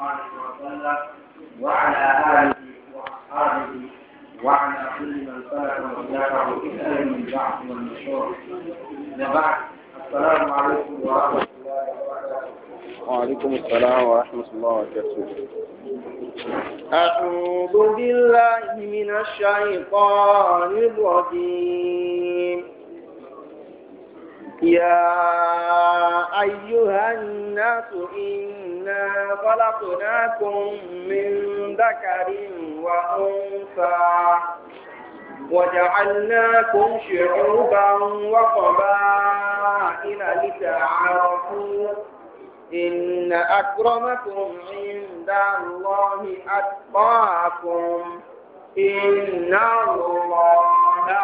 عليه وسلم وعلى آله وأصحابه وعلى كل من سلك مسلكه إلا من بعد والنشور السلام عليكم ورحمة الله وعليكم السلام ورحمة الله وبركاته أعوذ بالله من الشيطان الرجيم يا أيها الناس إنا خلقناكم من ذكر وأنثى وجعلناكم شعوبا وقبائل لتعارفوا إن أكرمكم عند الله أتقاكم إن الله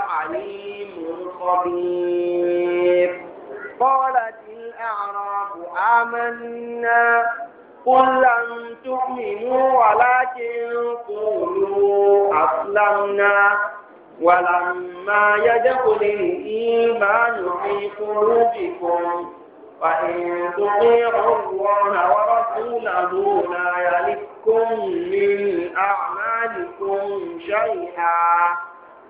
عليم خبير قالت الأعراب آمنا قل لم تؤمنوا ولكن قولوا أسلمنا ولما يدخل الإيمان في قلوبكم وإن تطيعوا الله ورسوله لا يلدكم من أعمالكم شيئا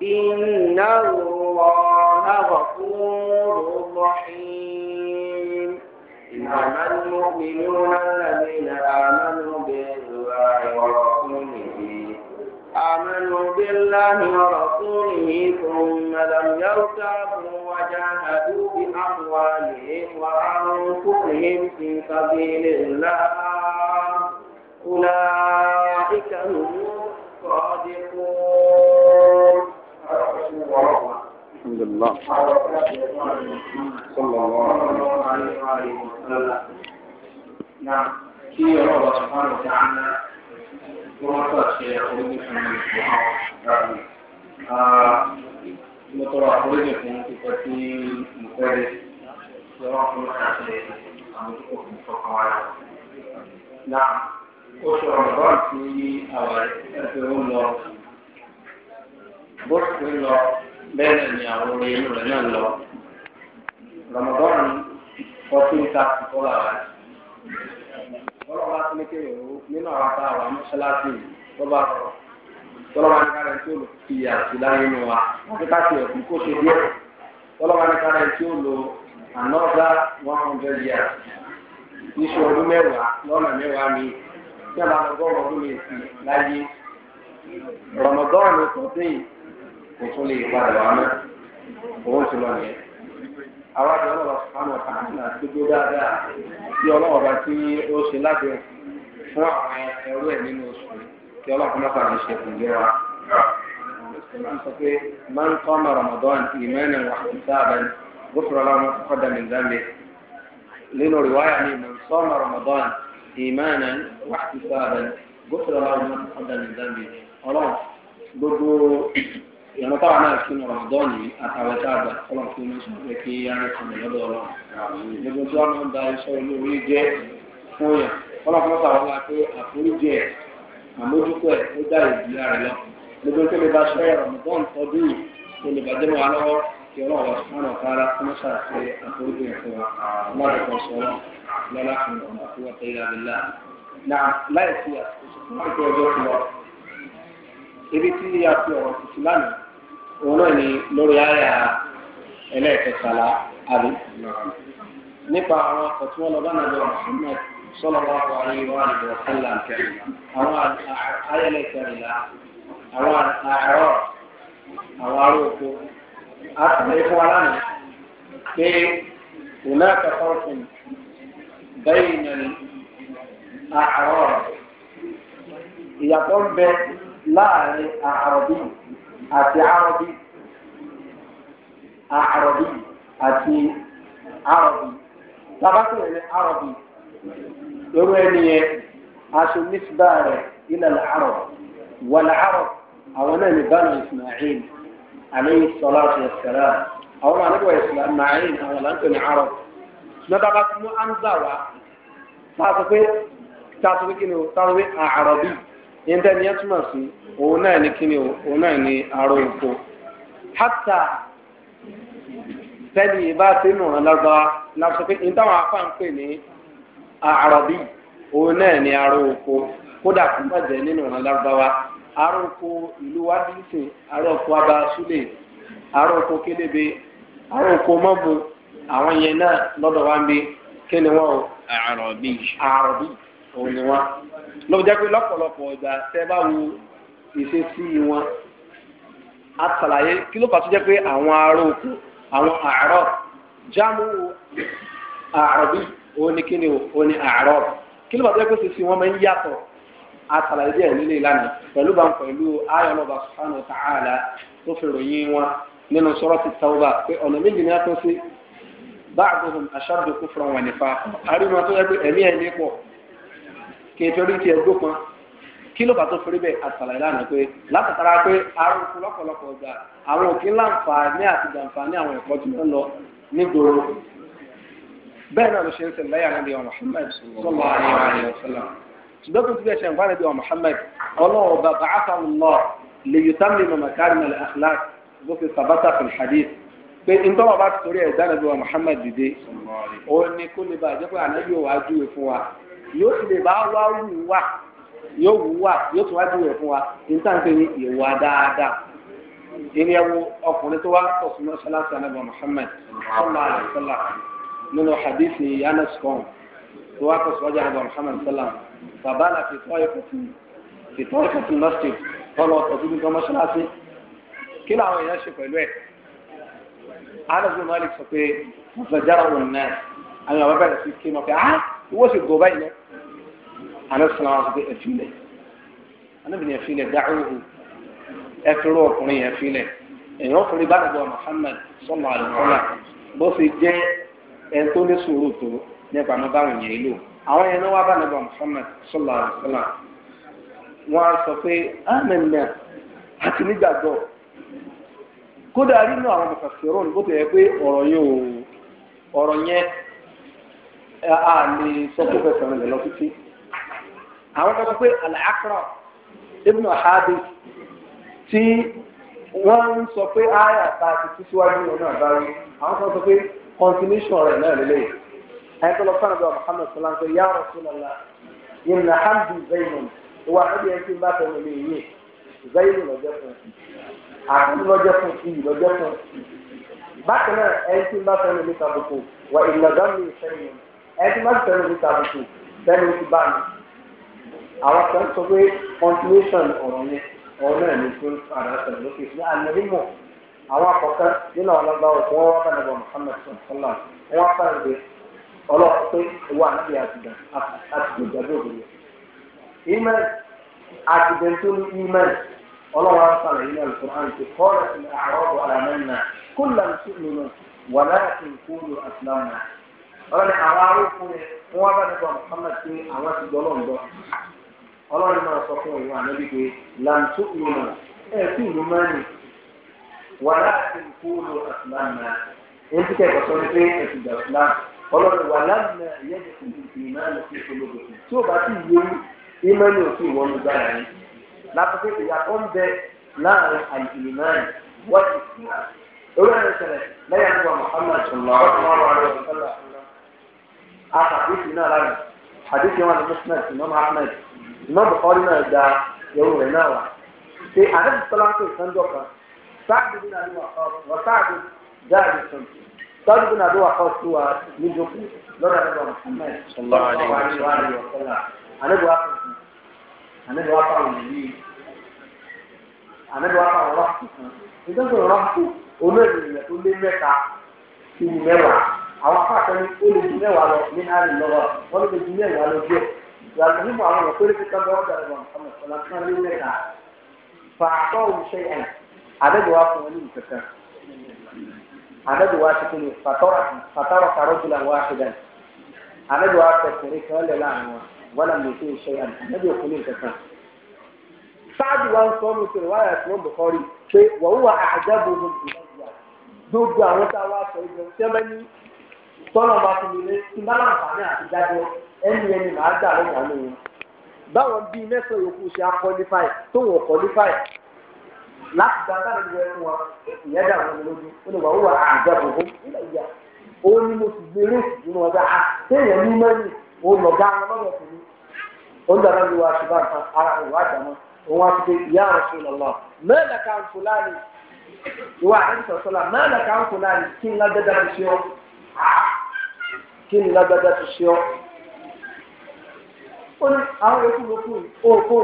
إن الله غفور رحيم إنما المؤمنون الذين آمنوا بالله ورسوله آمنوا بالله ورسوله ثم لم يرتابوا وجاهدوا بأموالهم وأنفسهم في سبيل الله أولئك هم الصادقون الحمد لله صلى الله عليه وسلم وسلم نعم في رواه سبحانه وتعالى ورثة شيخ ابن محمد mo tọrọ àforíjì fún kíkọ tí mo fẹ́ lé tí wọ́n fún ṣàṣẹ àwọn tó kò fún fọkàn wa lọ. na oṣù ọ̀gbọ́n tí àwọn ẹgbẹ́ ń lọ bó ṣe ń lọ bẹ́ẹ̀ ni àwọn orí rẹ̀ náà lọ. rọmọdọ́rùn fourteen thirty four hours. Bọ́lọ́ba tó ní kéwòn o nínú àwọn apá àwọn amúṣáláṣí bọ́lá sọ̀rọ̀. Bọ́lọ́ba ní kárẹ̀ tí ó lò fi àti láyé nu wa. Wọ́n ti ká ṣe ẹ̀kú kó ṣe díẹ̀. Bọ́lọ́ba ní kárẹ̀ tí ó lò another one hundred years. Iṣu ọdún mẹ́wàá lọ́nà mẹ́wàá mi. Bí a bá lọ gbọ́ ọdún láyé. Rọ̀mọ̀dọ́ọ̀nù àwọn àti ọlọ́wọ́ sùpánù ọ̀tàmínà gbogbo dáadáa tí ọlọ́wọ́ bá tí ó ṣe lábẹ́ fún àwọn ẹrú ẹ̀ nínú oṣù kí ọlọ́wọ́ náà bá ti ṣe kù lé wa. sọ pé máa ń kọ́ ọmọ Ramadan ìmẹ́rin wà ní sáàbẹ̀ gbófinró ọlọ́run tó dàmí zambi nínú rìwáyà ni mọ̀ sọ ọmọ Ramadan ìmẹ́rin wà ní sáàbẹ̀ gbófinró ọlọ́run tó dàmí zambi ọlọ́run gbogbo ìyàwó táwọn náà kí ní ramadan yìí àtàwọn tá a gbà kọ́lọ̀ fún mi sọ pé kí yára sọ̀rọ̀ lọ́dọ̀ ọ̀rọ̀ gbogbo tí wọ́n máa ń da iṣẹ́ olórí jẹ́ fún yà kọ́lọ̀ fún ọ̀sà wọn pé àforíjì ẹ̀ àmójútó ẹ̀ ó dá ìdí ara lọ gbogbo tó lè bá ṣe ramadan tọdún yìí tó lè bàjẹ́ mọ́ wa lọ́wọ́ kí ọlọ́wọ́ sọ́nà kára fún ọ̀sà pé àforíjì ẹ̀ fún wa ọlọ́dọ̀ kan sọ̀rọ̀ lọ́lá fún ọ̀nà fún ọ̀tẹ̀ ìlàlẹ́lá láì sí àtúnṣe fún ọjọ́ ìwọ ibi tí a fi ọ̀rọ̀ tuntun lánàá òun ni lórí a ẹlẹ́ẹ̀kẹtàlá àbí nípa àwọn ọkọ̀ tí wọ́n lọ bá nàbẹ̀ Muhammad sallallahu alaihi wa alihi wa sallam àwọn ayẹlẹ́kẹrìnlá àwọn àárọ̀ àwọn aróko àtàlẹ́ fún wa lánàá pé òun náà fún bẹ́ẹ̀ ìyẹn àárọ̀ ìyàtọ̀ ń bẹ àti àròbí àròbí àti àròbí tabakú yẹn ní àròbí lórí ẹni yẹn aṣọ nísìbà rẹ ilẹ̀ làárọ̀ wàlẹ̀ àrọ̀ àwọn náà ní bánu Ismail aleyhi salatu wa salam àwọn náà nígbà Ismail àwọn làǹtọ̀ ní àrọ̀ lọ́dọ̀ bá tún mú amza wa tààtù pé kí ni o tààtù ndị yẹn túmọ̀ sí òun náà ní kíni òun náà ní aró epo hátà tẹ́lẹ̀ ìbá sínú ọ̀lọ́gbà a pé nítawọn afá ń pè ní àròbí òun náà ní aró epo kódà kó má jẹ́ nínú wa aró ìlú wa bí aró abá aró kélébé aró àwọn yẹn náà wa ń bí kíni wọn o lọ́wọ́ jẹ́ pé lọ́pọ̀lọpọ̀ ìgbà tẹ́ bá wo ìṣesí wọn àtàlàyé kí ló fà tó jẹ́ pé àwọn ará oko àwọn àárọ̀ jámù àrọ̀bí òní kíni òní àárọ̀ kí ló fà tó jẹ́ pé ìṣesí wọn máa ń yàtọ̀ àtàlàyé díẹ̀ nílé ìlànà pẹ̀lú bá ń pẹ̀lú ayọ̀lọ́ba subhanahu wa ta'ala tó fi ròyìn wọn nínú surati Tawba pé ọ̀nà méjì ni a tó sí báàgùn aṣáájú kúfúrọ̀ wọn nípa àríwá tó yẹ pé ẹ̀mí ẹ̀ ní pọ̀ kẹfẹ́rí tiẹ̀ gbópọn kí ló bá tó fẹ́rí bẹ́ẹ̀ àtàlàyé lánàá pé látàtàrà pé arúgbó lọ́pọ̀lọpọ̀ ọ̀gá àwọn òkè láǹfààní àti jàǹfààní àwọn ẹ̀kọ́ tí wọ́n lọ nígboro bẹ́ẹ̀ náà ló ṣe ń ṣẹlẹ̀ láyà níbi ọmọ Muhammad sọlọ àyẹ̀wò ṣẹlẹ̀ ṣùgbọ́n tó ti bẹ́ẹ̀ ṣe ń fáwọn ẹbí ọmọ Muhammad ọlọ́wọ́ fi hadith pé ntọ́wọ́ bá ti torí ẹ̀ dáná bí ọmọ Muhammad dìde ó ní kó lè bá àjẹpẹ́ ànábì òwò ajúwe fún wa yóò sì lè bá wá wù wá yóò wù wá yóò tún wá jù rẹ̀ fún wa níta ń pè ní ìwà dáadáa ìní ẹwu ọkùnrin tó wá tọ̀sùn mọ́ṣáláṣí anábà Muhammad sallallahu alayhi wa sallam nínú hadithi yanis kan tó wá tọ̀sùn wájú anábà Muhammad sallam bàbá náà fi tọ́ ẹ̀kọ́ fún fi tọ́ ẹ̀kọ́ fún masjid tọ́lọ̀ tọ́jú nípa mọ́ṣáláṣí kí làwọn èèyàn ṣe pẹ̀lú ẹ̀ Anas Malik sọ pé mo jára wọn náà àwọn àwọn bẹ̀rẹ̀ kí n ah ìwọ́sì gò báyìí náà anasana wọn fi ẹfi lẹ anabini ẹfi lẹ da'uhu ẹfiri ọkùnrin ẹfi lẹ ẹyìn ọkùnrin bá dàgbà Muhammad sọlọ àlùfọlá bó ṣe jẹ ẹn tó ní sùúrù tó nípa ní báwọn yẹn lò àwọn yẹn ní wọn bá dàgbà Muhammad sọlọ àlùfọlá wọn sọ pé amẹnẹ àti nígbàgbọ́ kódà nínú àwọn mọ̀kàfẹ́rọ́n bó ti yẹ pé ọ̀rọ̀ yẹn ò ọ̀rọ̀ yẹn a lè sọ pé fẹsẹ̀ rẹ̀ lọ títí àwọn kan sọ pé al-Aqra ibn Habis tí wọ́n ń sọ pé àyà ta ti tú síwájú ọ̀nà àbáwí àwọn kan sọ pé continuation rẹ̀ náà lélẹ̀ ayé tó lọ fún àbúrò Muhammad sallam pé ya Rasulullah inna hamdi zaynun ìwà àbí ẹni tí ń bá tẹ̀lé mi yìí zaynun lọ́jọ́ fún àti lọ́jọ́ fún iyì lọ́jọ́ fún bákan náà ẹni tí ń bá tẹ̀lé mi tàbùkù wà ìlàgàmì ìfẹ́ yìí ẹni tí ń bá tẹ̀lé mi tàbùkù tẹ̀lé ti bá mi àwọn kan sọ pé continuation ọ̀rọ̀ yẹn ọ̀rọ̀ náà ní fún ara sọ̀rọ̀ lókè fún àlẹ́rìmọ̀ àwọn àkọ́kọ́ nínú àwọn ọlọ́gbà ọ̀tún wọn wá bá nàbọ̀ Muhammad sọ̀tọ́lá wọn fà ń gbé ọlọ́pàá pé owó àti àtìgbà àtìgbà lóbìnrin ìmẹ̀ àtìgbà tó ní ìmẹ̀ ọlọ́wọ́ àǹfààní ìmẹ̀ lùkùnrin àti kọ́ọ̀rọ̀ ìmẹ̀ àrọ́bù àlàmẹ́nà kúlà ń tún nínú wàlá ìkúlù àtìlámà ọlọ́ni àwọn arókùnrin wọn bá ọlọ́run náà sọ fún ìwọ ànábì pé làǹtó ìmọ̀ ẹ̀ tí ìlú máa ń wà láti kú lo islam náà èyí tí kẹ́kọ̀ọ́ sọ pé ẹ̀sìn ìgbà islam ọlọ́run wà láàmì ẹ̀yẹ́ ti kú ìmọ̀ ẹ̀ lọ́sí ìpolówó tí ó bá ti yé ìmọ̀ ẹ̀ lọ́sí ìwọ́nú gbára yìí lápapọ̀ ìyàtọ̀ ń bẹ láàrin àìsìnìmọ̀ wọ́n ti sí orí ẹ̀rọ ìṣẹ̀lẹ̀ lẹ́yìn àgbà Muhammad sallallahu alaihi wa sallam àtàkùn ìsìn náà lánàá àdéhùn àwọn àdéhùn náà ti mọ́ ìmọ̀ bùkọ́rí náà da ìyẹ̀wò rẹ̀ náà wà ṣe àdébù sọlá ń pè sánjọ́ kan sáàdì bí nàdó wà kọ́ wọ́n sáàdì dáàdì sùn sáàdì bí nàdó wà kọ́ sí wa níjókòó lọ́dọ̀ àdébù Muhammad sallallahu alaihi wa alihi wa sallam àdébù wà kọ́ sùn àdébù wà kọ́ àwọn yìí àdébù wà kọ́ àwọn rọ́ọ̀kì kan nítorí rọ́ọ̀kì olóògbé tó lé mẹ́ta sí mẹ́wàá àwọn afáàkẹ́ni ó lè ju mẹ́wàá lọ ní àárín lọ́wọ́ wọ́n lè ju mẹ́wàá lọ والمهم أن يقول في كم بعد الإمام محمد صلى الله عليه وسلم فأعطاه شيئا عدد واقف من الكتاب عدد واقف من فترك فترك رجلا واحدا عدد واقف من ولا لا ولم يطيع شيئا عدد واقف من الكتاب سعد وان صوم في رواية من بخاري وهو أعجبهم إلي دوجو àwọn tá a wá sọ ìgbẹ́ sẹ́mẹ́ni tọ́lọ̀ bá fi lè ṣe ń bá láǹfààní àti dájọ́ ẹnu ẹni màá dà lọ́wọ́ àánú yẹn báwọn bíi mẹ́sàn yòókù ṣe akọlifáì tó wọ́n kọlifáì láti gba sáré ìwé fún wa ìyá dà wọn lójú ó lè wà ó wà àjà ìyá ni mo sì gbé réèkì nínú ọjà á téèyàn ní mẹ́rin òun lọ̀gá lọ́wọ́ fún mi ó ń ara òun ìyá lọ́lọ́ ìwà sọ́la n ó ní àwọn yòókù lókù òkú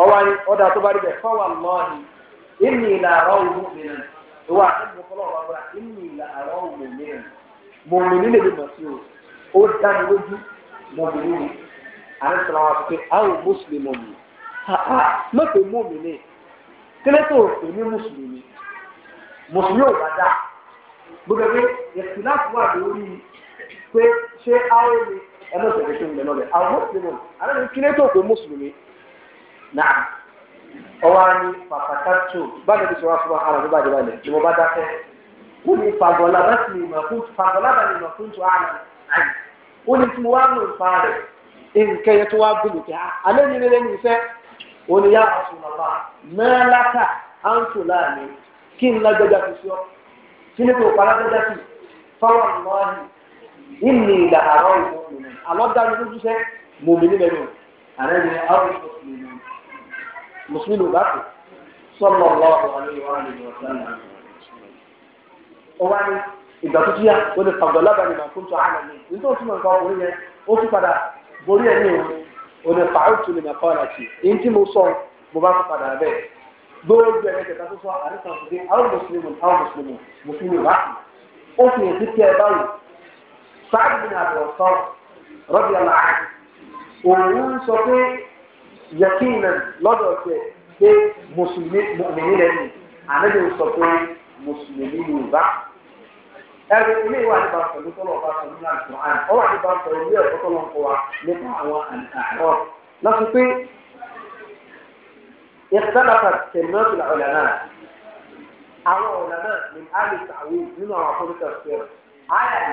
ọwọ́ ni tó bá rí bẹ̀ fọwọ́ lọ́ọ̀hìn ìmì ìlà àrọ́ òwú mìíràn ìwà ụwa fọlọ́ ọ̀bá bọ̀rà ìmì ìlà mìíràn sí o ó dá lójú mòmìn nílé àrẹ sọ̀rọ̀ wa pé àwọn mùsùlùmí mi èmi mùsùlùmí mùsùlùmí ò bá dá gbogbo pé ṣé àwọn ènìyàn. Ọ mọ̀ sẹ̀kẹ̀ tó ń bẹ lọ́lẹ̀ àwọn àwọn kí lè tó mùsùlùmí náà ọwọ́ á ní pàpàkàtò báyìí ti sọ̀rọ̀ ni ní bá fún bá fún tó àná àyè ní tí mo wá rẹ̀ nǹkan yẹn tó wá gbìyànjú ah, alẹ́ ní yá á ń tò kí n fi kí alọ́dáni lójú sẹ́ mòmìnì mẹ́nu àrẹ́ni àwọn mùsùlùmí ló bá kù sọ́nà lọ́wọ́ ọ̀wá ni ìgbà tó tíyà ó lè fàgbọ́ lábàá nìkan tó ń tọ́ àná mi nítorí tí mo ń ó tún padà borí ní o tún tì í mo sọ mo bá tún padà bẹ́ẹ̀ gbogbo tó sọ mùsùlùmí mùsùlùmí mùsùlùmí ó fi hàn sí rọ́bì aláàbò òun sọ pé yakina lọ́dọ̀ tẹ̀ pé mùsùlùmí mùmìnì lẹ́nu ànábì sọ pé mùsùlùmí yorùbá ẹ̀rọ ilé ìwà àti bàtà ló tọ́lọ̀ bá sọ̀rọ̀ ní àtúntò àná ọwọ́ àti bàtà ilé ẹ̀kọ́ tọ́lọ̀ ń kọ́ wa nípa àwọn àtàrọ̀ lọ́sọ pé ìsálàfà tẹ̀mínọ́tì làwọ̀lá náà àwọn ọ̀là náà ní alẹ́ sàwé nínú àwọn afọ́nìkà fẹ́ràn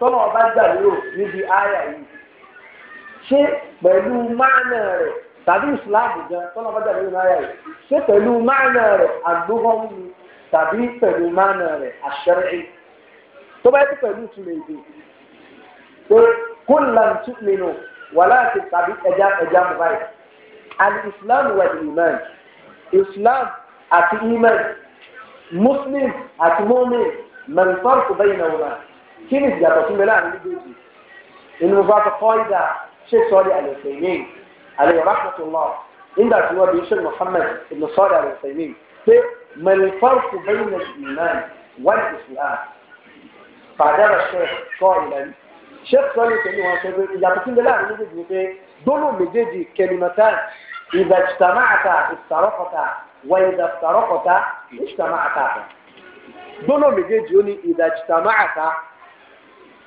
tọ́nà ọba gbà lérò níbi àyà yìí ṣé pẹ̀lú máàna rẹ̀ tàbí ìsìláàmù gan tọ́nà ọba gbà lérò níbi àyà yìí ṣé pẹ̀lú máàna rẹ̀ àgbóhọ́mù tàbí pẹ̀lú máàna rẹ̀ àṣẹrẹ́ tó bá yẹ kó pẹ̀lú ìtumọ̀ èdè pé kó làǹtí nínú wàhálà àti tàbí ẹja ẹja mọ̀ báyìí alìsílámù wà ní imáàmù islam àti imáàmù muslim àti mọ́mí mẹ́ntọ́rù kò bẹ́yìn náà wọ́n kí ni ìyàtọ̀ sí mi láàrin méjèèjì inú bá tó kọ́ ìdá ṣe sọ́ọ́lì àlẹ́sẹ̀yìn àlẹ́yìn rahmatullah nígbà tí wọ́n bí ṣe Muhammad ibn sọ́ọ́lì àlẹ́sẹ̀yìn pé mẹ́lifáàkù bẹ́yìn ìmán wọ́n ti fi hàn fàdára ṣe kọ́ ìlànà ṣe sọ́ọ́lì àlẹ́sẹ̀yìn wọn ṣe pé ìyàtọ̀ sí mi láàrin méjèèjì ni pé gbólóhùn méjèèjì kẹlìmọ̀tán ìdá ìtàmáàtà ìtàrọ́kọ̀tà wọ ìdá ìtàrọ́kọ̀tà ìtàmáàtà gbólóhùn méjèèjì ó ní ìdá ìtàmáàtà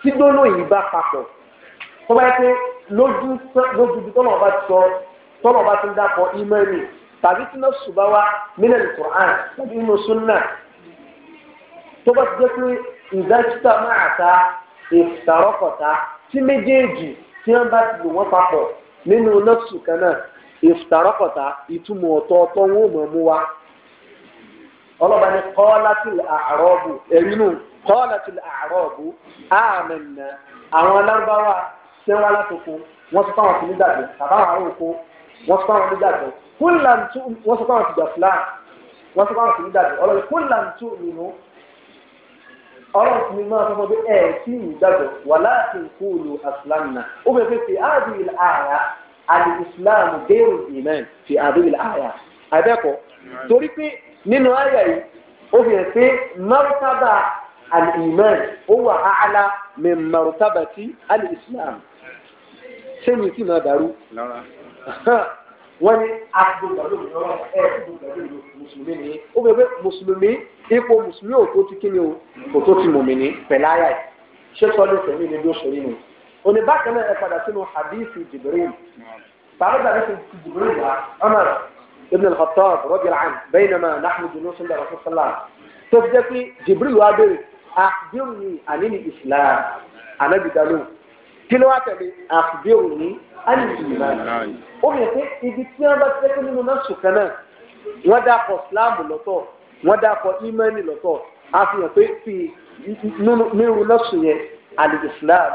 tí gbólóyìn bá papọ̀ tó bá yẹ pé lójú lójú bí tọ́lọ̀ bá sọ tọ́lọ̀ bá ti ń dàpọ̀ ìmọ̀ẹ́nì tàbí tí náà ṣùgbọ́n wa mílẹ̀ Qur'an tàbí inú súnà tó bá ti jẹ́ pé ìdájútà máa ta ìfàrọ́kọ̀ta tí méjèèjì tí wọ́n bá ti lò wọ́n papọ̀ nínú nọ́ọ̀sù kan náà ìfàrọ́kọ̀ta ìtumọ̀ ọ̀tọ̀ọ̀tọ̀ wọn ò mọ̀ mú wa ọlọ́ba ni kọ́ láti àárọ̀ bù ẹ̀rí kọ́ọ̀lẹ́tù àrọ́ọ̀bù àmẹ́nà àwọn alárúbáwá ṣé wọn látòkò wọ́n sọ fáwọn tìlú dàgbọ́ bàbá àwọn àrùnkò wọ́n sọ fáwọn tìlú dàgbọ́ kúńlàntú wọ́n sọ fáwọn tìlú fúlà wọ́n sọ fáwọn tìlú dàgbọ́ ọlọ́run kúńlàntú nínú ọlọ́run tìlú máa sọ fún ẹ tí ì dàgbọ́ wà láti kúlù àsìlámùnà ó bẹ fẹ́ fi àdìl àyà àlè الإيمان هو أعلى من min الإسلام. al-islam دارو. tí máa dàrú wọ́n ní mùsùlùmí ni ó bẹ pé mùsùlùmí ipò mùsùlùmí ò tó ti kíni o kò tó ti mùmíní pẹ̀láyà yìí ṣé sọ́ọ́lù tẹ̀mí ni bí ó ṣòrí ni òní bákan náà ẹ padà sínú hadithi Jibril تعرض على اسم جبريل عمر ابن الخطاب رضي الله عنه بينما نحن جلوس عند رسول الله تفجأتي جبريل وابي akhbirni anil islam anabi dalu kí ló wá tẹ̀lé akhbirni anil iman ó yẹ pé ibi tí wọn bá tẹ́kọ̀ nínú náà sùkàn náà wọ́n dàpọ̀ sílámù lọ́tọ̀ wọ́n dàpọ̀ ìmánì lọ́tọ̀ a fi hàn pé fi nínú náà sùn yẹn alil islam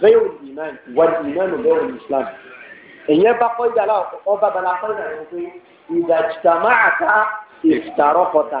gẹ́yọ̀ ìmán wal ìmán gẹ́yọ̀ islam èyẹ bá kọ́ ìdàlá ọba balakọ́ ìdàlá yẹn pé ìdàjìtàmáàtà ìfìtàrọ́kọ̀tà.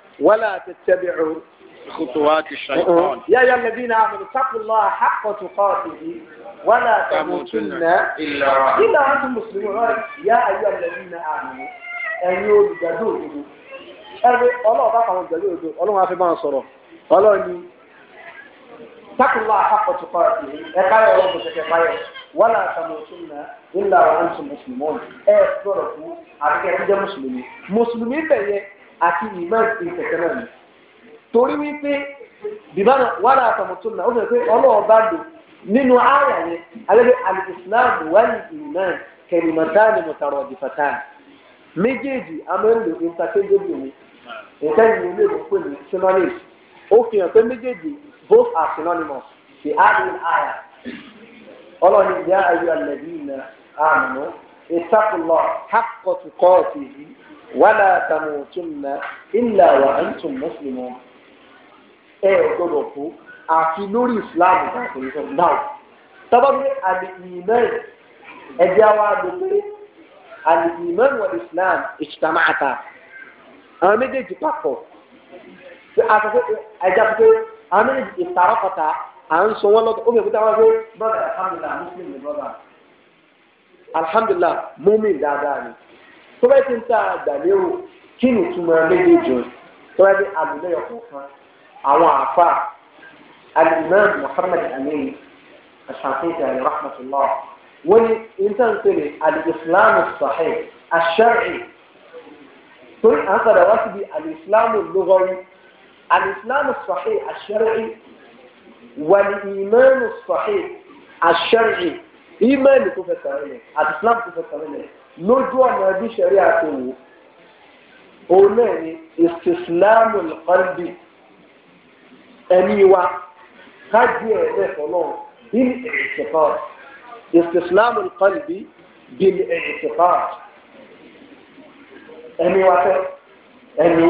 ولا تتبعوا خطوات الشيطان يا أيها الذين آمنوا اتقوا الله حق تقاته ولا تموتن إلا إلا أنتم مسلمون يا أيها الذين آمنوا ẹ̀yin olùgbàdo òdodo ẹ̀rí ọlọ́ọ̀bá àwọn olùgbàdo òdodo ọlọ́run afi máa sọ̀rọ̀ ọlọ́run ni takùnlá àpapọ̀tù pààtì ẹ̀ka yọ̀ ọ̀rọ̀ bùsẹ̀kẹ̀ báyọ̀ wàlà àtàmọ̀tún náà ńlá àwọn mùsùlùmí ẹ̀ gbọ́dọ̀ fún àbíkẹ́ ẹ̀jẹ̀ mùsùlùmí mùsùlùmí bẹ̀yẹ àti ìmáà ti kẹ̀kẹ́ náà ni torí wípé bìbáná wàrà àtàmùtún náà ó fẹ́ pé ọlọ́ọ̀bá lò nínú àyà yẹn alẹ́ alìsílámù wàlì ìmáà kẹrìmọ̀tánì mọ̀tàrọ̀ ọ̀dìfàtánì méjèèjì amẹ́rìndò interchangeable ni nǹkan yìí ló lè pè ní synonyms ó fi hàn pé méjèèjì both are synonymous the adi ọlọ́ni ìyá ayé alẹ́ wàlá tàmùtúnà ìlà wà ẹ̀ǹtùn mùsùlùmù ẹ̀ gbọ́dọ̀ kú àfi lórí ìsìláàmù káàkiri sọ náà tọ́bọ́bí àlìmẹ́rin ẹ̀jẹ̀ wa lóore àlìmẹ́rin wà ìsìláàmù ìṣìtàmáàtà àwọn méjèèjì papọ̀ ẹ̀jẹ̀ pé àwọn méjèèjì ìtàrọ́kọ̀tà à ń sọ wọn lọ́tọ̀ ó bẹ̀rẹ̀ pé táwọn pé brother alhamdulilah muslim ni brother alhamdulilah mumin dáadáa ni tó bá ti ń ta àgbàlérò kí ni ìtumọ̀ méjèèjì tó bá dé àlùlẹ̀ ọ̀kọ̀ọ̀kan àwọn àfa alimam muhammad amin asafiti alayhi rahmatulah wọ́n ní intan péré alìsílámù sahih ash-shar'i torí à ń padà wá síbi alìsílámù lughawi alìsílámù sahih ash-shar'i imanu sahih ash-shar'i tó fẹ́ sàrẹ́lẹ̀ àti islam tó fẹ́ sàrẹ́lẹ̀ lójú ọ̀nà bí sẹ́rí àti wò òun náà ni ìsìsìlámù ọ̀dì ẹ̀mí wa kájú ẹ̀ lẹ́fọ̀ọ́ náà bí ìṣẹ̀fọ́ ìsìsìlámù ọ̀dì bí ìṣẹ̀fọ́ ẹ̀mí wa fẹ́ ẹ̀mí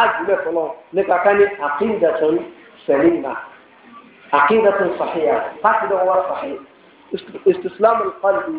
àjùlẹ̀ fọlọ́ nípa ká ní àkíndàtún sẹ̀lìmà àkíndàtún sàhíyà pàtìdánwá sàhíyà ìsìsìlámù ọ̀dì.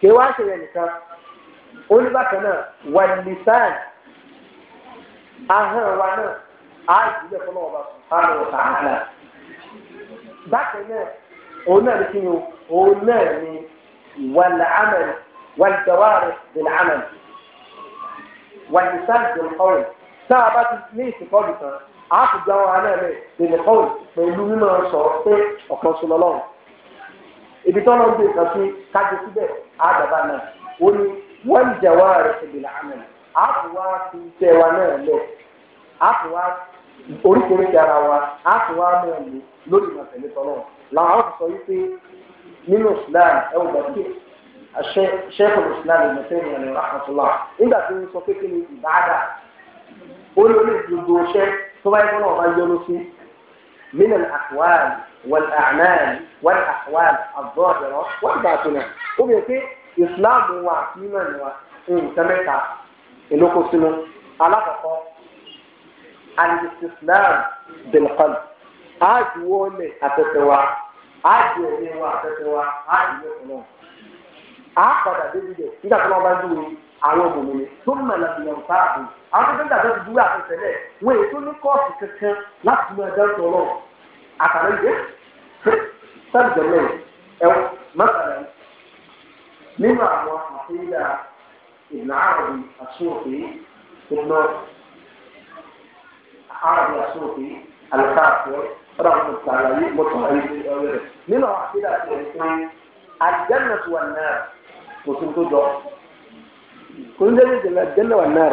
kìí wá ṣe yẹn nìkan oníbàkan náà wà nìsàn ahọ́n wa náà á jùlẹ̀ fọlọ́ ọba sùpàlọ́ ọ̀tà àlà bákan náà òun náà ní kí ni òun náà ní wàlàámẹ̀lì wàlìjọwárẹ̀ bìlàámẹ̀lì wàlìsàn bìlàkọ́rẹ̀ náà bá ti ní ìsìnkọ́lù kan á ti gba wọn alẹ́ rẹ̀ bìlàkọ́rẹ̀ pẹ̀lú mímọ̀ sọ pé ọ̀kan sọlọ́lọ́run ibi tó lọ́ọ́ gbé ìkan sí àdàbà náà ó ní wọ́n jẹ́ wá rẹ̀ ṣèbìlà àmì àfùwá ti tẹ́ wa náà lẹ̀ àfùwá oríṣiríṣi ara wa àfùwá náà lò lórí ìmọ̀tẹ̀lé tọ́lọ̀ làwọn sọ wípé nínú Islam ẹ̀ wọ́n gbàgbé ṣẹ́kùn Islam ìmọ̀tẹ́lẹ̀ rẹ̀ ràhàtúlá nígbà tí wọ́n sọ pé kí ni ìbáàdà ó ní olóògbé gbogbo ṣẹ́ tó bá yẹ kó náà bá yọ lọ sí mílíọ̀nù àfùwá والأعمال والأحوال الظاهرة والباطنة وبيكي إسلام وعقيما وإنتمتا إلوكو سنو على فقط الاستسلام بالقلب أجول أتتوا أجول أتتوا أجول àpàdà débi dẹ̀ nígbà tí wọ́n bá dúró àwọn obìnrin tó mọ̀ láti yàn fáàbù àwọn tó ń dàgbà ti dúró àtẹ̀tẹ̀lẹ̀ wọ́n èyí tó ní kọ́ọ̀sì kankan láti mọ ẹ̀dá tọ̀rọ̀ àtàlẹ́jẹ́ sẹ́ẹ̀dì mẹ́rin ẹ̀wọ̀n mọ́tàlẹ́ nínú àwọn àfihàn ìlà àrùn àsòfin ìmọ̀ àrùn àsòfin àlùkáàfẹ́ ọ̀dà mọ̀tàlẹ́ mọ̀tàlẹ́ ọ̀rẹ́ nínú àwọn àfihàn àti ẹ̀sìn àjẹ́nà tó wà náà kò tó tó jọ kò ní jẹ́ ní ìjẹ́nà wà náà.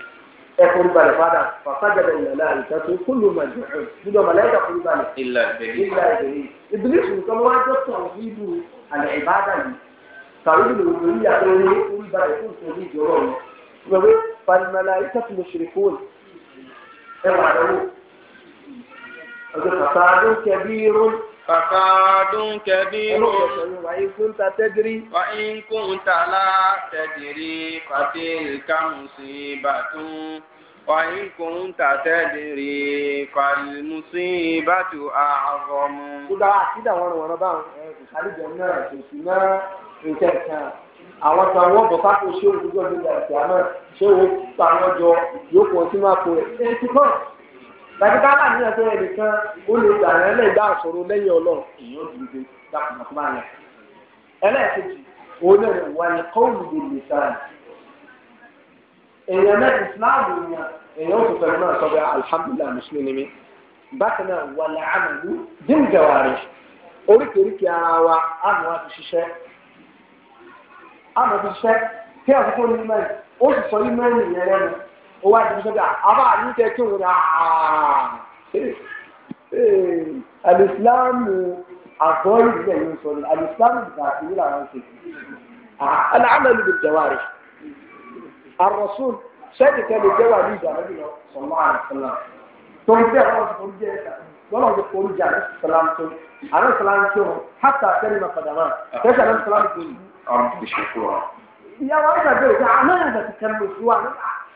ẹkùn balẹ̀ fada fàfàjẹ̀dẹ̀ ìlànà ìtàkùn kúlù màjọ̀hún nínú màláìka kúlù balẹ̀. ìlà ìbẹ̀rẹ̀ ìlà ìbẹ̀rẹ̀ ìbílẹ̀ sùnkàn wá jẹ́ tọ̀hídù àlẹ́ ìbádà yìí tàbí lè wòlò yíyá tó ní kúlù balẹ̀ fún ìtòlí ìjọrọ̀ yìí. ìgbàgbé palimala ìtàkùn mùsùlùkùn ẹwà àdánwò. ọjọ́ kàtàdún kẹbí irun فساد كبير وإن كنت تدري وإن كنت لا تدري فتلك مصيبة وإن كنت تدري فالمصيبة أعظم. kódà àtìdá wọn wọn bá àlejò náà èsì náà nǹkan kan àwọn tí wọn bọ sápò ṣé òwúrọ̀ nígbà tí a náà ṣé òwúrọ̀ tí àwọn jọ yóò pọ̀ sínú àpò ẹ̀ ẹ̀ ti kàn. tàbí káàkà nínú ẹgbẹ́ rẹ̀ nìkan ó lè gbà rẹ̀ lè gbà àṣọrò lẹ́yìn ọlọ́run èèyàn ti gbé dàpọ̀ tó bá yẹ. ẹlẹ́ẹ̀kejì òun náà rẹ̀ wà kọ́ọ̀lù lè lè sára. èèyàn èèyàn ó náà sọ alihamudulilayi ni bákan náà wà oríkèéríkèé ara wa àmọ́ àti ṣiṣẹ́ àmọ́ ṣiṣẹ́ kí àkókò ní mẹ́rin ó sì sọ yí mẹ́rin lẹ́nu ó wá ti fi sọ́dọ̀ àbá àyín tẹ kí òun alìsílámù àgọ́ ìdílé yìí ń sọ ní alìsílámù ìgbà àti ìlú àwọn ṣe aláàmàlù lè jẹwàá rẹ àròsùn sẹ́ẹ̀dì tẹ́lẹ̀ jẹwàá ní ìjà lẹ́yìn lọ sọ̀rọ̀ àròsùn náà torí bẹ́ẹ̀ wọ́n ti forí jẹ́ ẹ̀ka wọ́n ti forí jẹ́ àròsùn sàlám tó àròsùn sàlám tó hàtà sẹ́ni ma padà náà tẹ́sán àròsùn sàlám tó yìí. ìyàwó àgbà bẹ̀rẹ̀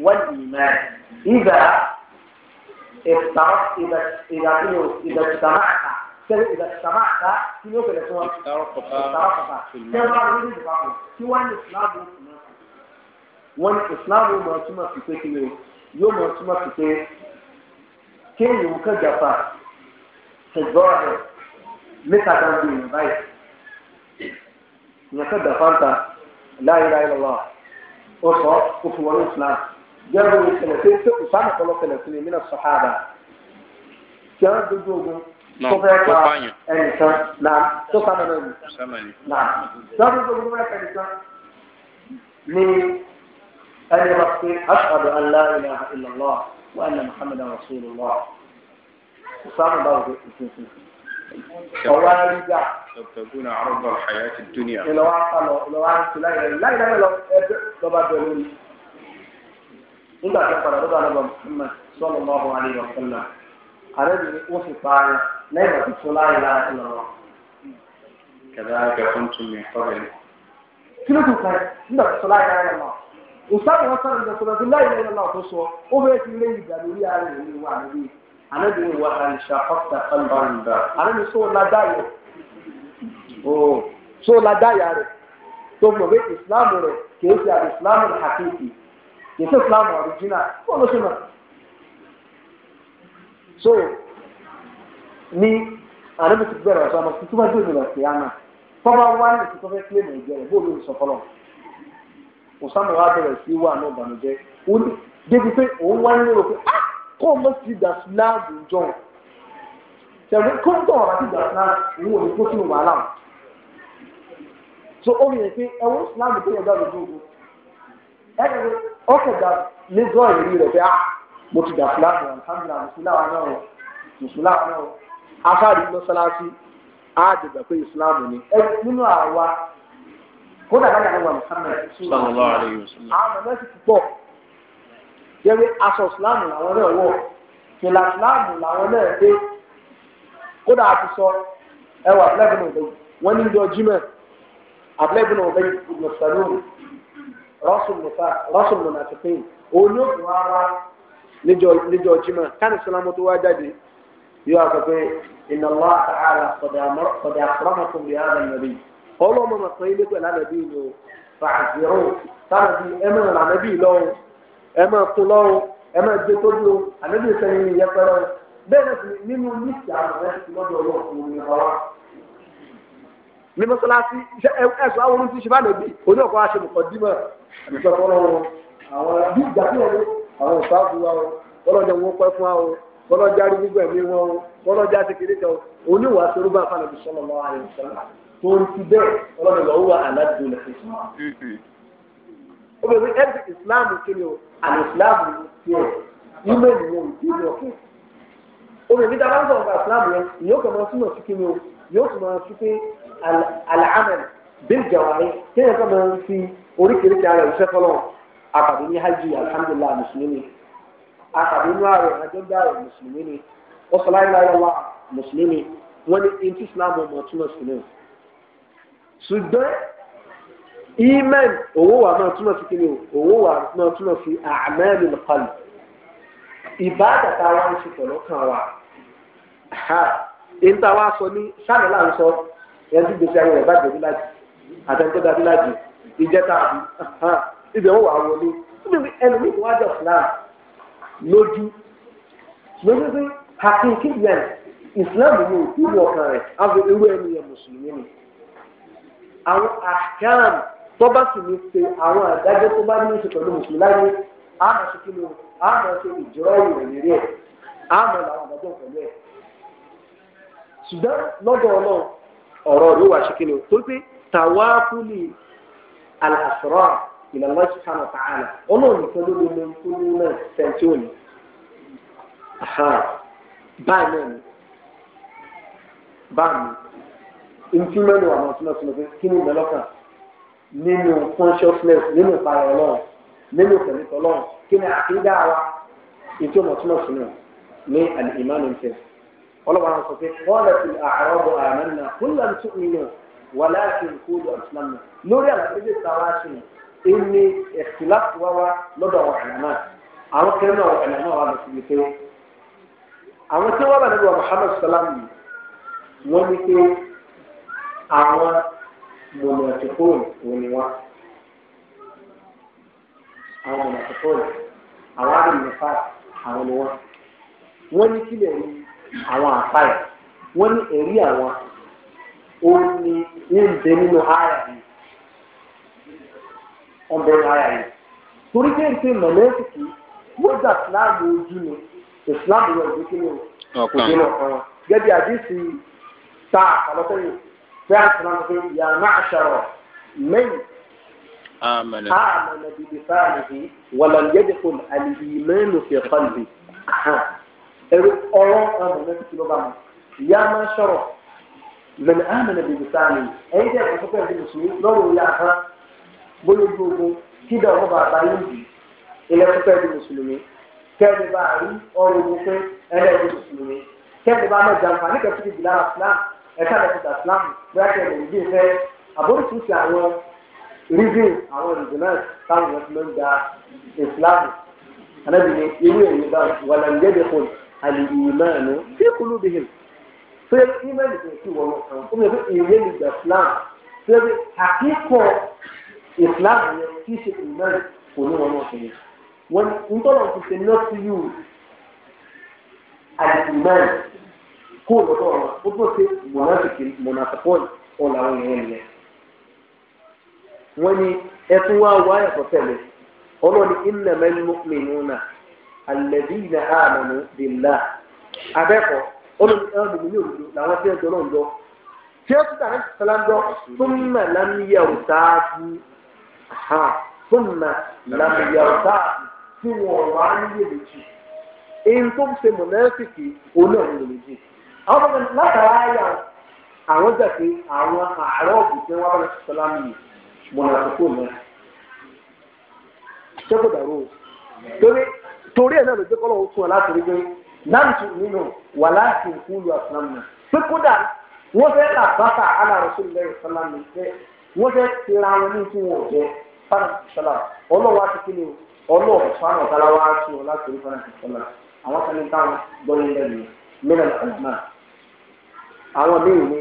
والإيمان إذا افترضت إذا إذا إذا اجتمعت إذا اجتمعت في نوع من الأسواق أن في المكان في وان إسلام وان إسلام ما تسمى في كتير يوم ما تسمى في كتير كان يوم كجفا تجاره متى تنبيه بايت يكاد فانتا لا إله إلا الله جابوا سنتين ست سنة ولا سنتين من الصحابة كان بجوجهم كوبايا انسان نعم كوبايا نعم جابوا بجوجهم انسان من أن يقول أشهد أن لا إله إلا الله وأن محمد رسول الله أسامة بارك خوارج تبتغون عرض الحياة الدنيا إلى وعقل إلى وعقل لا إله إلا الله nígbà tó padà tó bá lọ́gbà mùsùlùmí sọ́nà lọ́wọ́ àlejò ọ̀sánná àrẹ́bí wọ́n sì pa ara lẹ́yìn àti tó láyé láyé tó lọ́wọ́. kẹ̀dáàkẹ́ fún túnmí kọ́bẹ̀lì. kí ló tún fẹ́ nígbà tó láyé láyé lọ́wọ́ òsáàbù wọn sọ̀rọ̀ ìjọsọ̀rọ̀ sí láyé láyé lọ́wọ́ tó sọ ó fẹ́ ti lé ìgbà lórí ara rẹ̀ ní wà lórí wà kìí ṣe Islam original fún ọlọ́sẹ̀ so ní àná bìtì bẹ̀rẹ̀ ọ̀sán ọmọ tuntun máa ń gbèsè lọ́sẹ̀ yá náà tọ́ba wá ní ìtútọ́ fẹ́ kílẹ̀ mọ̀ ìjẹun bóòlù ìsọ̀kọlọ̀ Osama wa bẹ̀rẹ̀ sí wà náà ìbànújẹ́ débi pé òun wá nílò pé kó o mọ̀ sí ìdá síláàbù jọ tẹ̀wé kó o tọ̀ ọ̀rọ̀ sí ìdá síláàbù òun ò ní kó sínú wàhálà so ó yẹ pé ẹ̀wọ̀n síláàbù ó kò gbà lézọ ìrírí rẹ pé ah mo ti gbà fúlàfù alhamdulilah mùsùlùmá náà o mùsùlùmá náà o afárí mọ́sálásí á dìgbà pé ìsìláàmù ni ẹ nínú àwa kódà láyé àwọn Muhammad sallallahu alaihi wasallam àwọn mẹ́sì púpọ̀ yẹ́wé aṣọ ìsìláàmù làwọn náà wọ̀ fìlà ìsìláàmù làwọn náà dé kódà àti sọ ẹwà abúlé ìbùnà ọ̀bẹ wọn ní ìjọ jimẹ abúlé ìbùnà ọ̀bẹ ìbùnà sàlóòrùn rọ́ṣùn mùnàfíkìn òun ló fún wa wá níjọ jimá káni sinamu tó wá jáde yóò àgbà pé iná wá àhàlà sọdẹ àkọrọmọkùn bí ara nàbí ọlọmọ màtọ ilé pẹ̀lú ànàbí ni o fàáfìrò sábàbí ẹ máa rà ànàbí lọ́wọ́ ẹ máa kún lọ́wọ́ ẹ máa gbé tójú ànàbí sẹ́yìn yẹpẹrẹ bẹ́ẹ̀ náà nínú níṣẹ àwọn ẹ ti lọ́dọ̀ Ọlọ́run ní ọwọ́ ní mọ́sálásí ẹ̀sùn àwọn olùsí ṣe bá lè bí oní ọ̀kọ́ aṣèlùkọ́ dímọ̀ ìṣọ̀kọ́rọ̀ wọn àwọn bí ìgbà tí wọn àwọn ìfáàbù wa o kọ́lọ́jà wọn pẹ́ fún wa o kọ́lọ́jà rí gbogbo ẹ̀mí wọn o kọ́lọ́jà ti kéde kan oníwà sọ̀rọ̀ bá fana bí sọ́nà wọn àyè sọ́nà tó ń ti bẹ́ẹ̀ ọlọ́dọ̀ lọ́wọ́ wa aládùn ní fífi. obìnrin ẹ̀sìn ìsìláàmù kiri o àlè ìsìláàmù ti o ìmọ̀ ènìyàn ò tí ì lọ al'amal bil jawari kéèyàn kan máa ń fi oríkèéríkèé ara ìṣe fọlọ́ àkàdé ní hajj alhamdulillah mùsùlùmí àkàdé inú ààrẹ àjọgbá rẹ mùsùlùmí ni wọ́n sọ láyé láyé wá mùsùlùmí wọ́n ní etí islam ọmọ túmọ̀ sí náà ṣùgbọ́n iman owó wa máa túmọ̀ sí kí ni owó wa máa túmọ̀ sí àmẹ́rin kọlù ìbáàdàtà wa ń ṣe kan wa. èyí tá sọ ní sáàlì láà ẹni tí gbèsè ayé rẹ bá dẹbi láti àtẹnudọ dàbí láti ìjẹta àbí ibẹ̀ wọn wà wọlé ẹlòmíì tó wájọ fúlàn lójú lójú pé hakiki yẹn ìsìláàmù ni òkú ìlú ọkàn rẹ àwọn ewu ẹni yẹn mùsùlùmí ni àwọn àkàn tó bá sì ní ṣe àwọn àdájọ tó bá ní í ṣe pẹ̀lú mùsùlùmí láyé àmọ́ ṣe kí ló àmọ́ ṣe ìjọra ìròyìn rẹ àmọ́ làwọn àdájọ pẹ̀lú ẹ ṣùgbọ́n lọ́dọ̀ Ọlọ́run ọ̀rọ̀ rẹ̀ wà ṣíkìlì o tó pé tàwáfúlì al-asrar ila Allah subhanahu wa ta'ala ọlọ́run nìkan ló lè mọ fún ní náà sẹ́ńtì òní báyìí náà ni báyìí ntí mẹ́nu àwọn tí wọ́n ti lọ fẹ́ kí ni ìmọ̀lọ́kàn nínú consciousness nínú ìpayọ̀ ọlọ́run nínú ìpẹ̀lẹ́tọ̀ ọlọ́run kí ni àkídá wa ètò ọmọ tí wọ́n fi náà ní al-iman nìkan ọlọ́wọ́ àwọn sọ pé kọ́lẹ̀ tí àárọ̀ àmàna kúlẹ̀ tó nínú wà láti kúlù àtìlámù lórí àlàyé tàwa ṣe ẹni ẹ̀kìláàfù wá wá lọ́dọ̀ àwọn àlàmà àwọn kẹrin àwọn àlàmà wà lọ síbi pé àwọn tí wọ́n bá níbi wa Muhammad salam yìí wọ́n ní pé àwọn mọ̀nàtìkóòlù òun ni wá àwọn mọ̀nàtìkóòlù àwọn àdìmọ̀fà àwọn ni wá wọ́n ní kílẹ̀ yìí àwọn àfáà wọ́n ní ẹ̀rí àwọn ó ní ń bẹ nínú àyà yìí wọ́n bẹ nínú àyà yìí torí pé nǹkan mọ̀lẹ́sìkì wọ́n dà síláàmù ojú ni ìsìláàmù rẹ̀ ojú kí ni o kò dé lọ fún wọn gẹ́gẹ́ àdéhùn ta àkàlọ́sẹ́yìn bẹ́ẹ̀ àtúnáwó pé yàrá máa ṣàrọ̀ mẹ́yìn. آمن آمن بلسانه ولم يدخل الإيمان في قلبه ẹrú ọ̀rọ̀ ọmọ náà ti lọba mu ìyá máa ń sọ̀rọ̀ lẹnu àmìnà bèbè sáà nìyí ẹyin tẹ ẹkọ fẹẹ bèbè sùn lọrọ òye àhán bóyá ojú ogun kídà ọmọ bàbá yín bì ilẹ̀ ẹkọ fẹẹ bèbè sùn lómi kẹ́ẹ̀dì bá rí ọrọ̀ ogun pé ẹlẹ́ ẹ̀dẹ́ bèbè sùn lómi kẹ́ẹ̀dì bá mẹ́ta nǹkan ní kẹ́ẹ̀dì bìlá islam ẹ̀ka lẹ́kọ̀tà islam bóyá kẹ́ẹ̀dì ìdí ìfẹ́ àbóríṣiríṣi àwọn rídìn àwọn ìdùnnú náà táwọn ọ̀sán ló ń da islam anábìyẹn irú èyí bá wàlẹ̀ ń jẹ́ alìyìmánu fi kulubihim tó yẹ kí ìmánì tó ti wọ̀n kan ó yẹ kó ìwé ni gba Islam tó yẹ kó àkíkọ̀ Islam yẹn kí ṣe ìmánì kò ní wọn náà kẹ́yìn wọn ntọ́nà ti ṣe not to you alìyìmánu kó lọ́dọ̀ ọ̀rọ̀ ó tó ṣe mọ̀nàfíkì mọ̀nàfíkọ́ọ̀lì ọ̀là àwọn èèyàn yẹn wọ́n ẹtún wá wá ẹ̀kọ́ ọlọ́ni ìnnàmẹ́lú mọ́kùnrin náà alladhina amanu billah abẹ́kọ̀ olùdókòwò ní olùdó làwọn tí ń jọ náà lọ tí ó tún tàbí sọlá ń lọ thumma lam yartaabu thumma lam yartaabu tí wọn wà níyè méjì èyí tó ń ṣe mọ̀nẹ́sìkì òun náà níyè méjì àwọn bàbá látara ayà àwọn jà àwọn àárọ̀ ọ̀gbìn tí wọ́n bá sọlá ń yè mọ̀nà àkókò náà ṣẹ́kọ̀dàrú torí torí ẹ̀ náà ló jẹ́ kọ́lọ́ fún ọ láti rí pé láǹtù nínú wà láti kúlù àfúnámù pé kódà wọ́n fẹ́ là bàtà alárùsùn lẹ́yìn sálámù pé wọ́n fẹ́ tẹ̀ra wọn ní tí wọ́n jẹ́ fáráǹtì sálà ọlọ́wọ́ á ti kí ni ọlọ́wọ́ fáráǹtì sálà wá sí ọ láti rí fáráǹtì sálà àwọn kan táwọn gbọ́yìn lẹ́nu mìíràn àlùmá àwọn míì ní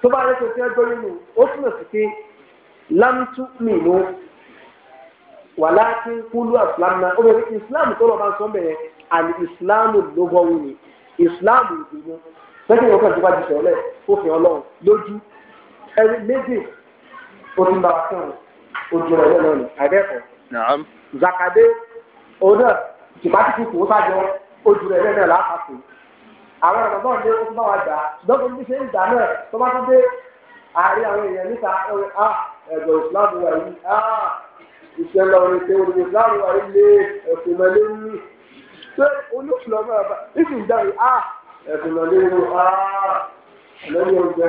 tó bá yẹ kó tí wọ́n gbọ́ nínú ó túnbọ̀ sí pé láǹtù mìíràn wàláàkì kúlú àfúlámù na o ìwé ìsìláàmù tó lọ bá ń sọ bẹ̀rẹ̀ àlè ìsìláàmù lọ́gọ́wù ni ìsìláàmù ìdùnnú sẹ́kì ìwọ́n kan tó bá jùsọ̀ lẹ̀ fòfin ọlọ́run lójú ẹni méjì onígbà kan ojú ọ̀rẹ́ náà ni àbẹ́kọ̀. zakade ọ̀nà tìmátìkì kò sájọ ojú ọ̀rẹ́ náà lápapọ̀ àwọn ọ̀nà náà lé oṣù báwa gbà lọ́gbọ̀n bí ṣe ń gbà náà tó bá tó dé àárín àwọn èèyàn níta ah, ẹ̀rọ ìsìláàmù wà yìí ah, ìṣẹ̀lẹ̀ ọ̀rẹ́ tẹ olùkọ́ láàrú àìlè ẹ̀sùn mẹ́lẹ́ ń mí ṣé olóṣèlú ọmọ ẹ̀bá ìsì ń dárí a ẹ̀sùn mẹ́lẹ́ ń mú lẹ́yìn ọgbẹ́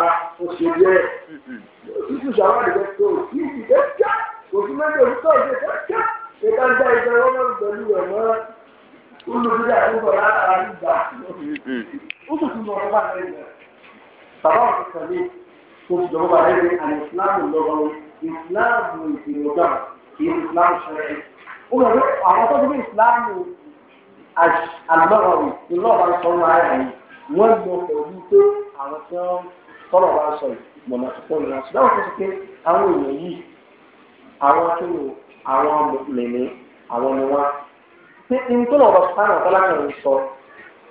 a ó ṣe jẹ́ títí ṣàwárí rẹ tó kí ìdílé kíá òfin mẹ́jọ òfin tó kíá kíá ń dá ìgbà wọn lọ pẹ̀lú rẹ̀ mọ́ olùdíjà tó bọ̀ látara nígbà ó sì tún lọ bá lẹ́yìn rẹ̀ bàbá òfin ìsìláàmù ìdìmọ̀gbà kì í ìsìláàmù ṣẹlẹ̀. ó lọ sí àwọn tó dúró ìsìláàmù àlùmọ́ọ̀rù ìlọ́ọ̀bá ń sọ ọ́nà ara yìí wọ́n lọ pẹ̀lú pé àwọn tí wọ́n tọ́lọ̀ bá ń sọ mọ̀nà púpọ̀ nínú àṣọ. láwọn tó ti pé àwọn èèyàn yìí àwọn tó lò àwọn mẹ̀mí àwọn ni wọ́n. pé ní tó lọ́ọ̀bá sọ́nà ọ̀tọ́lá kan ń sọ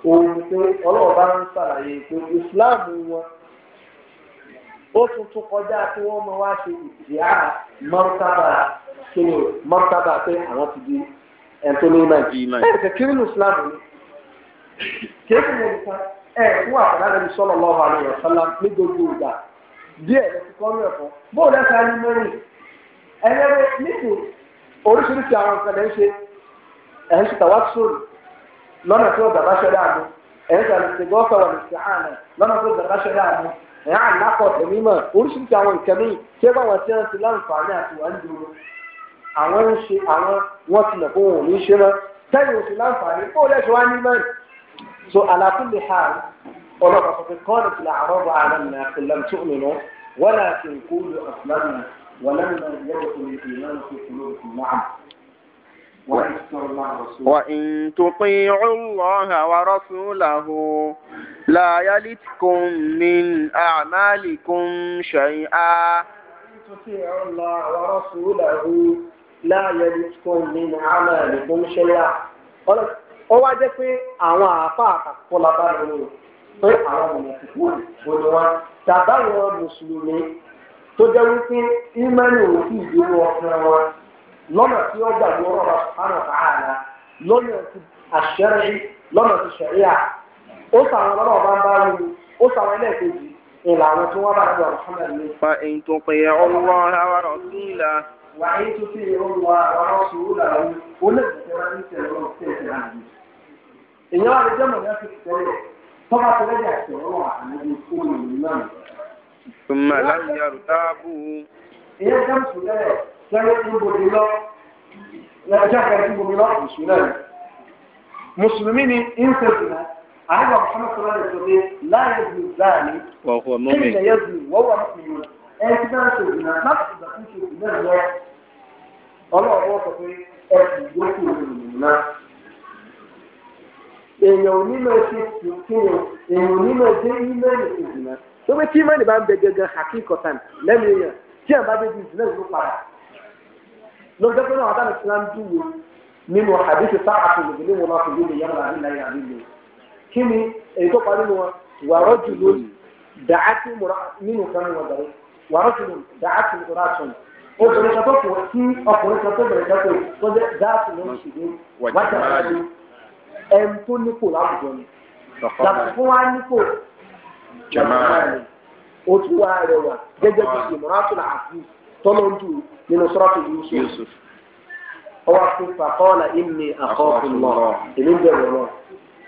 òun pé ọlọ́ọ̀bá ń sàlàyé pé ìsìláàmù wọn ó tuntun kọjá tí wọ́n mọ wá ṣe ìdíyà mọ́tàbà kíni mọ́tàbà pé àwọn ti di islam ni mọ̀ nípa ẹ̀ fún rẹ̀ ní gbogbo ìgbà díẹ̀ ti kọ́ bó mẹ́rin níbi oríṣiríṣi àwọn ń ṣe ẹ̀ ń lọ́nà tí ó dáa ẹ̀ ń wà lùsẹ̀ àná lọ́nà tí ó ẹ̀ á lápọ̀ tẹ̀mí mọ̀ oríṣiríṣi àwọn nǹkan míì tí ẹ bá wọn tí wọn ti láǹfààní àti wà ń dúró àwọn ń ṣe àwọn wọn ti nàkó wọn ò ní ṣe náà tẹ́lẹ̀ oṣù láǹfààní kó lẹ́sọ̀ wá ní mẹ́rin so àlàkùnlé ha ọlọ́pàá sọ pé kọ́ọ̀nù ti là àrọ́ bá àrẹ nà kìlọ̀ tó mi nù wọ́n là ti kó lu àfúlàmù wọ́n lẹ́nu náà yẹ́wò tó lè fi náà fi kúló náà. وإن تطيعوا الله ورسوله لا يلتكم من أعمالكم شيئا تطيعوا الله ورسوله لا يلتكم من أعمالكم شيئا ó wá pé àwọn àáfàá àkàkọ́ bá lọ rò pé àwọn mùsùlùmí ní wọn tàbá àwọn mùsùlùmí tó wípé ò wọn lọ́nà tí gbàgbọ́ lọ́nà lọ́nà ó sàwọn ọlọ́wọ́ bá ń bá wù ó sàwọn ẹlẹ́ẹ̀kejì ìlànà tí wọ́n bá ti ọ̀rọ̀ fún ẹ̀mí. fa in tuti'u Allaha wa rasulahu. wà á yín tó fi ìrún wa ọ̀rọ̀ sùúrù làwọn ó lè tẹ̀sẹ̀ wá ní tẹ̀sẹ̀ lọ́wọ́ tẹ̀sẹ̀ láàyè. èèyàn àti jẹ́mọ̀ ní tẹ̀lé ọ̀rọ̀ àmọ́bí fún ìlú náà. summa lam yartabu. èèyàn jẹ́mọ̀ tẹ́lẹ̀ tó gbòdì lọ lọ́jọ́ kẹrin tó gbòdì lọ mùsùlùmí ni náà àyẹ̀wò محمد صلى الله عليه وسلم لا ju záàlì kéèyàn yẹ ju wọ́wọ́ àmọ́kùnrin wọn ẹni tí wọ́n ṣe ìdùnnà láti ìgbà tó ṣe ìdùnnà lọ ọlọ́ọ̀bọ sọ pé ẹ̀sìn yókù ìdùnnà èèyàn onímọ̀ ṣe kéèyàn èèyàn onímọ̀ dé ímẹ́lì ìdùnnà tó pé tí ímẹ́lì bá ń bẹ gẹ́gẹ́ hàkí kọ̀tàn lẹ́nu èèyàn tí àbá dé ju ìdùnnà ìlú padà lọ́jọ́ pé náà wọ́n dá Kini ni èyí tó parí nu wọn wàrọ̀ jù lónìí múra nínú kan wọn dàrí wàrọ̀ jù lónìí múra sọ̀nù obìnrin kan tó kù sí ọkùnrin kan tó bẹ̀rẹ̀ kẹ́kọ̀ọ́ tó jẹ́ dàátì ló ń wájà láti ẹn tó nípò láwùjọ ni fún wa nípò jamaa o tún bí ń nínú Yusuf ọwọ́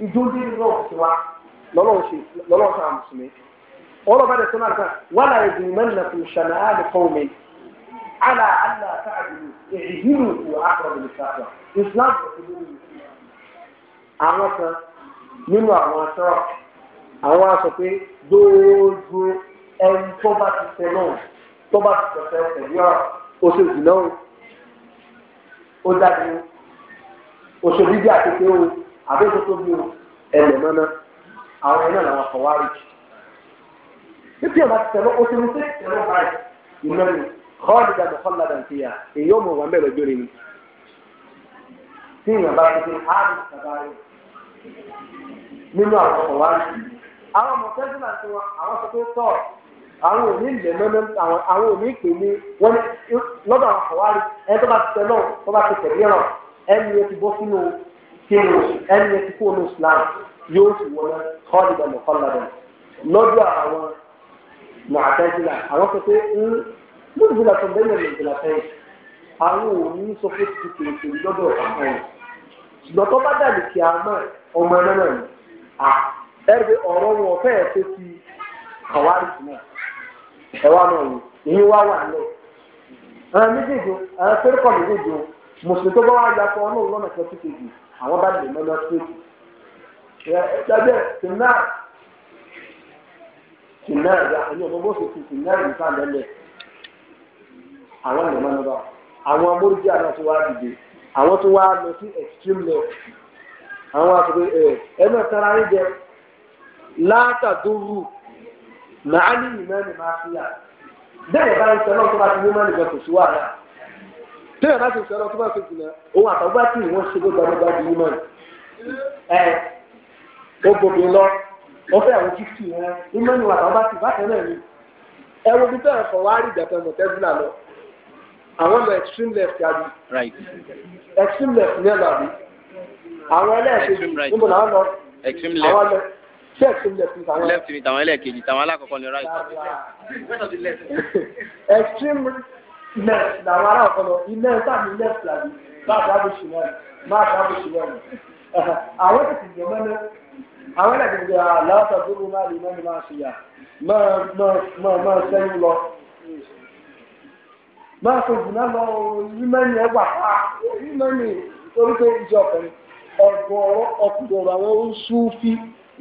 ìdóde náà sí wa lọ́lọ́run ṣe lọ́lọ́run ṣe àwọn mùsùlùmí ọlọ́ba dẹ̀ sọ́nà àgbà wọ́n náà ẹ̀dùn mẹ́rin náà fún ṣànà àlè fọ́ọ̀mẹ́ àlà àlà káàdùn ìdílù wà ákọ̀rọ̀ lè sáfà Islam àwọn kan nínú àwọn sọ́ọ̀ àwọn aṣọ pé gbogbo ẹni tó bá ti fẹ́ náà tó bá ti fẹ́ pẹ̀lú òṣèlú náà ó dájú òṣèlú bí àtẹ̀tẹ̀ òun. àbẹ́sọ tó bí o ẹ̀lẹ̀ mọ́ná àwọn ẹ̀yìn náà làwọn kọ̀wárì. títí ẹ̀ bá ti tẹ̀lé oṣù ní sẹ́yìn tẹ̀lé báyìí iná ni kọ́ọ̀lì dàgbà kọ́ọ̀lì dàgbà ti tí ìyàn bá ti dé áàbì kàbáyé nínú àwọn kọwari àwọn ọmọ wọn àwọn àwọn òní àwọn òní tí mo ẹni yẹn ti kó ní Islam yóò sì wọlé kọ́ọ̀dì dàmú kọ́lá dàmú lọ́dọ̀ àwọn màtẹ́sílà àwọn sọ pé ń lóògùnlá tó bẹ́ẹ̀ lè lòògùnlá fẹ́yìn àwọn òní sọ pé ti kèrèkè lọ́dọ̀ ọ̀sán ṣùgbọ́n tó bá dàbí kí a mọ̀ ọmọ ẹ̀ náà ni à ẹ̀rí ọ̀rọ̀ wọn fẹ́ ẹ̀ fẹ́ ti kàwárí náà ẹ̀ náà yìí èyí wá wà àwọn bá lè mọ́lọ́ sí ẹ ẹgbẹ́ tìǹà tìǹà ìyá ẹni ọmọ bó ṣe ti tìǹà ìyíká lẹ́lẹ̀ àwọn lè àwọn àná tó wá dìde àwọn tó wá lọ sí extreme left àwọn ẹ jẹ látàdúró ní ìmọ̀ ẹni máa fi yà bẹ́ẹ̀ tó bá ti ẹni kò sí wàhálà. tẹ́lẹ̀ bá ti sọ̀rọ̀ tó bá ti jìnnà òun àtàwọn bá ti wọ́n ṣe gbogbo àgbà di yìí mọ́ ẹ ó gbòbí lọ ó fẹ́ àwọn jíìtì wọn ìmọ̀ ni àtàwọn bá ti bákan náà ni ẹ wo bí bẹ́ẹ̀ fọ wárí ìjàpẹ́ mọ̀ tẹ́sílà lọ àwọn lọ extreme left àbí extreme left ní ẹ̀lọ́ àbí àwọn ẹlẹ́ẹ̀kejì níbo làwọn lọ extreme left àwọn lọ sí extreme left ní tàwọn left ní tàwọn ẹlẹ́ẹ̀kejì tàwọn alákọ̀ọ́kọ́ ni right extreme nurse làwọn ará ọ̀pọ̀lọ iná ẹ̀ sáà ní nurse làbí máa bá bó ṣe wọ́n máa bá bó ṣe wọ́n àwọn tètè jẹ mọ́nà àwọn ẹ̀dẹ̀ jẹ àlàáfà tó mú máa lè mọ́ni máa ṣe yà máa sẹ́yìn lọ. máa fò jù náà lọ oh, yímẹ́ni ẹ̀ wà á ah, yímẹ́ni torí ìjọ ọkùnrin ọ̀gbọ̀n ọkùnrin àwọn oṣù fi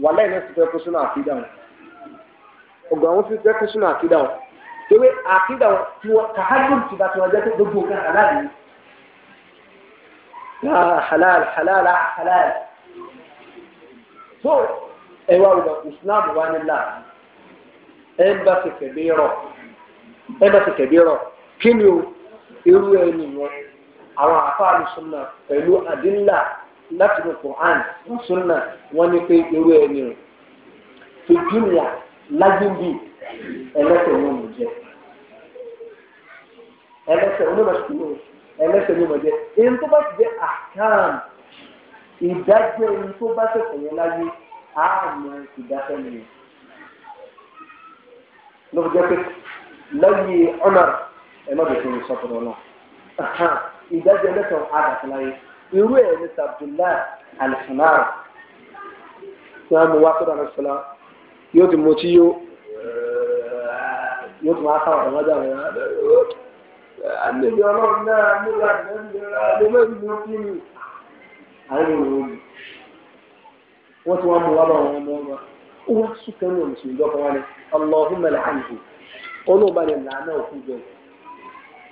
wà lẹ́yìn náà ti fẹ́ kó sínú àkídà wọn ọ̀gbọ̀n àwọn fi fẹ́ kó sínú àkídà wọn ewé àkídà tí wọ́n tàhájú ti bá tí wọ́n jẹ́ tó gbogbo nǹkan halal yìí. Ah, halal halal halal. so ẹ wá wùdà islam wà nílà ẹ bá ti kẹ̀bí rọ ẹ bá ti kẹ̀bí rọ kí ni o irú ẹni yẹn àwọn àfáàlù sunna pẹ̀lú àdínlà láti ní Qur'an sunna wọ́n ní pé irú ẹni o fi jùlọ lágbègbè ẹlẹ́sẹ̀ ni ó mọ̀ jẹ ẹlẹ́sẹ̀ onímọ̀sùn ni ó ẹlẹ́sẹ̀ ni ó mọ̀ jẹ èyí tó bá ti jẹ àkàn ìdájọ́ èyí tó bá ṣẹ̀ṣẹ̀ yẹn láyé àmọ́ ìdájọ́ nìyẹn ló fi jẹ́ pé lẹ́yìn ọ̀nà ẹ̀ má bẹ̀rẹ̀ fún mi sọ́kùnrin náà ìdájọ́ ẹlẹ́sẹ̀ àdàkùnláyé irú ẹ̀ ní Abdullahi alifanaara tí wọ́n mú wá sọ́dọ̀ àmì yóò ti mú tí yóò yóò tún wá sáwọn ọ̀dọ́ lọ́jà wọn. àlejò ọlọ́run náà nígbà nígbà nígbà kí ni àwọn ènìyàn ni wọ́n ti wá mú wábà wọn mọ́ wọn. ó wá sùkẹ́ ní oṣù ìjọba wa ni ọlọ́run mẹ́lẹ̀ àǹtí olóògbà ni làánà òkú jẹ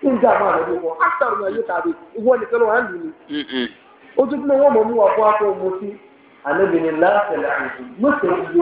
nígbà máa lọ bí wọn áfítàrù náà yóò tàbí ìwọ nìkan ló wà ń lù ní. ojú tí wọn mọ̀ mú wa fún akọ òmùtí àlejò ni láàfẹ̀lẹ̀ àǹtí mọ̀tẹ̀ ìlú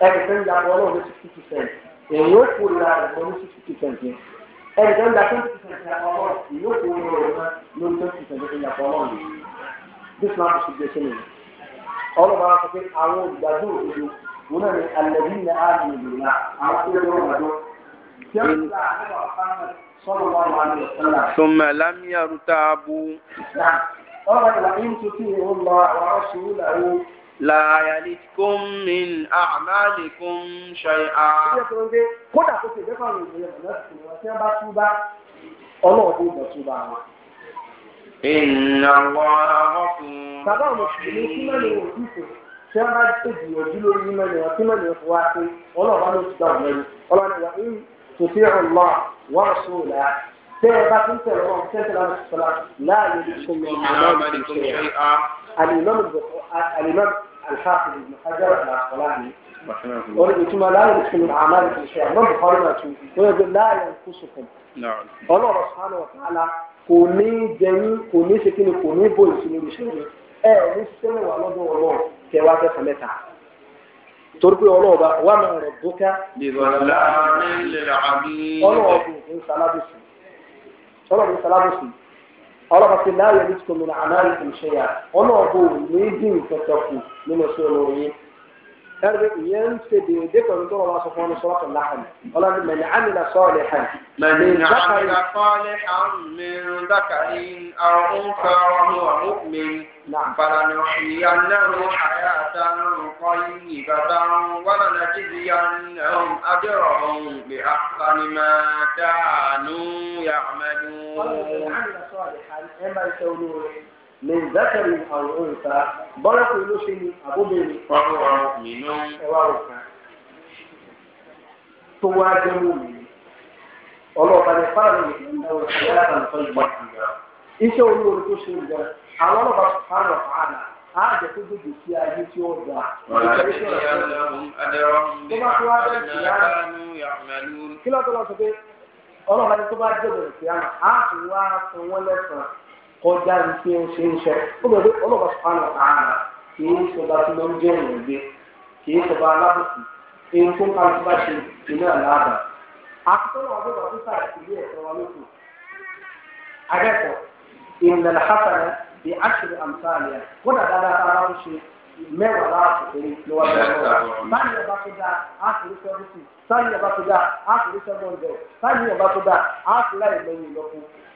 ẹnìkan da wọn náà ní sixty percent èyí ó kó la ẹ̀kọ́ ní sixty percent yẹn ẹnìkan da twenty percent ya pọ̀ náà èyí ó kó la ní twenty percent ya pọ̀ náà yìí bí sinmi àti ṣùgbọ́n ṣe nìyí ọlọ́ba wa sọ pé àwọn olùgbàdo òdodo wọn náà ní alẹ́bí ní ààbò ìlúwa àwọn tó lọ́wọ́ ìgbàdo wọn wà ní ọ̀sán Summa lam yartabu. Ọlọ́ba la yalikum min a'malikum shay'a. ṣé kí ló ń dé kódà kó ṣe ìdẹ́kọ̀ àwọn ènìyàn mọ̀ lọ́sì tí wọ́n ti bá tú bá ọlọ́ọ̀dún ìbọ̀ tú bá wọn. Inna Allaha ghafurun. Bàbá àwọn mùsùlùmí tí mẹ́rin wò sí ìfò tí wọ́n bá tèjì ojú lórí ní mẹ́rin wọn tí mẹ́rin fò wá sí ọlọ́ọ̀bá ló ti dá wọn lẹ́nu. Ọlọ́ni wa ń tòfin ọ̀la wọ́n sọ ọ̀la tẹ́ ẹ bá tún tẹ̀lé wọn tẹ́tẹ̀lá الإمام الإمام الحافظ ابن حجر العسقلاني wọn ìtumọ̀ láyé ìtumọ̀ àmàlì kìí ṣe àmọ́ bùkọ́rí náà tún wọn yóò láyé ìkúsùkùn ọlọ́run sàánù ọ̀tàlá kò ní jẹyìn kò ní ṣe kíni kò ní bò ìsinmi ìṣòro ẹ ní sẹ́lẹ̀ wà lọ́dọ̀ ọlọ́run kẹwàá tẹ̀sán mẹ́ta torí pé ọlọ́run bá wà máa rẹ̀ bóká ọlọ́run ọdún ń salábùsùn ọlọ́run ń salábùsùn ọlọ́pàá ti láàyè ní tòun àmàlìkì ṣe yà ọlọ́ọ̀bù ní dín nǹkan kan kù nínú sí olórin yìí. ترى ينتدي ذكر الله سبحانه وتعالى صلاة من عمل صالحا من عمل صالحا من ذكر أو أنثى وهو مؤمن نعم فلنحيينه حياة طيبة ولنجزينهم أجرهم بأحسن ما كانوا يعملون من عمل صالحا إما الكونوين من ذكر أو أنثى بلغ لسن أبو بن فهو مؤمن تواجهون ọlọ́ọ̀bá ní fáàlì ìdáwó ìyára nǹkan ìgbà iṣẹ́ olóore tó ṣe ìgbà àwọn ọlọ́ọ̀bá fáàlì ọ̀fààlà á ha tó dòdò sí ayé tí ó kí lọ́tọ́ pé ní tó bá jẹ́ bẹ̀rẹ̀ sí á tún wá wọ́n lẹ́sàn-án. kọjá ní kí n ṣe ń ṣe ó lọ pé ọlọ́pàá sọ fún àwọn àná kì í sọba tí wọ́n jẹ́ òun gbé kì í sọba alábùkù èyí tó ń ká ló bá ṣe ìpínlẹ̀ aláàbà. àkókò àwọn ọdún ọdún sáà ìlú ẹ̀sọ́ wa lóko akẹ́kọ̀ọ́ ìmọ̀lẹ̀ hasana di aṣèrè àmsáàlìyà kódà dáadáa tá a bá ń ṣe mẹ́wàá láàpù péré lọ́wọ́ lọ́wọ́ báyìí ọba tó dáa á sì rí sẹ́wọ́n tù sáyìn ọba tó dáa á sì rí sẹ́wọ́n jẹ sáyìn ọba tó dáa á sì láì lẹ́yìn lọ́kùn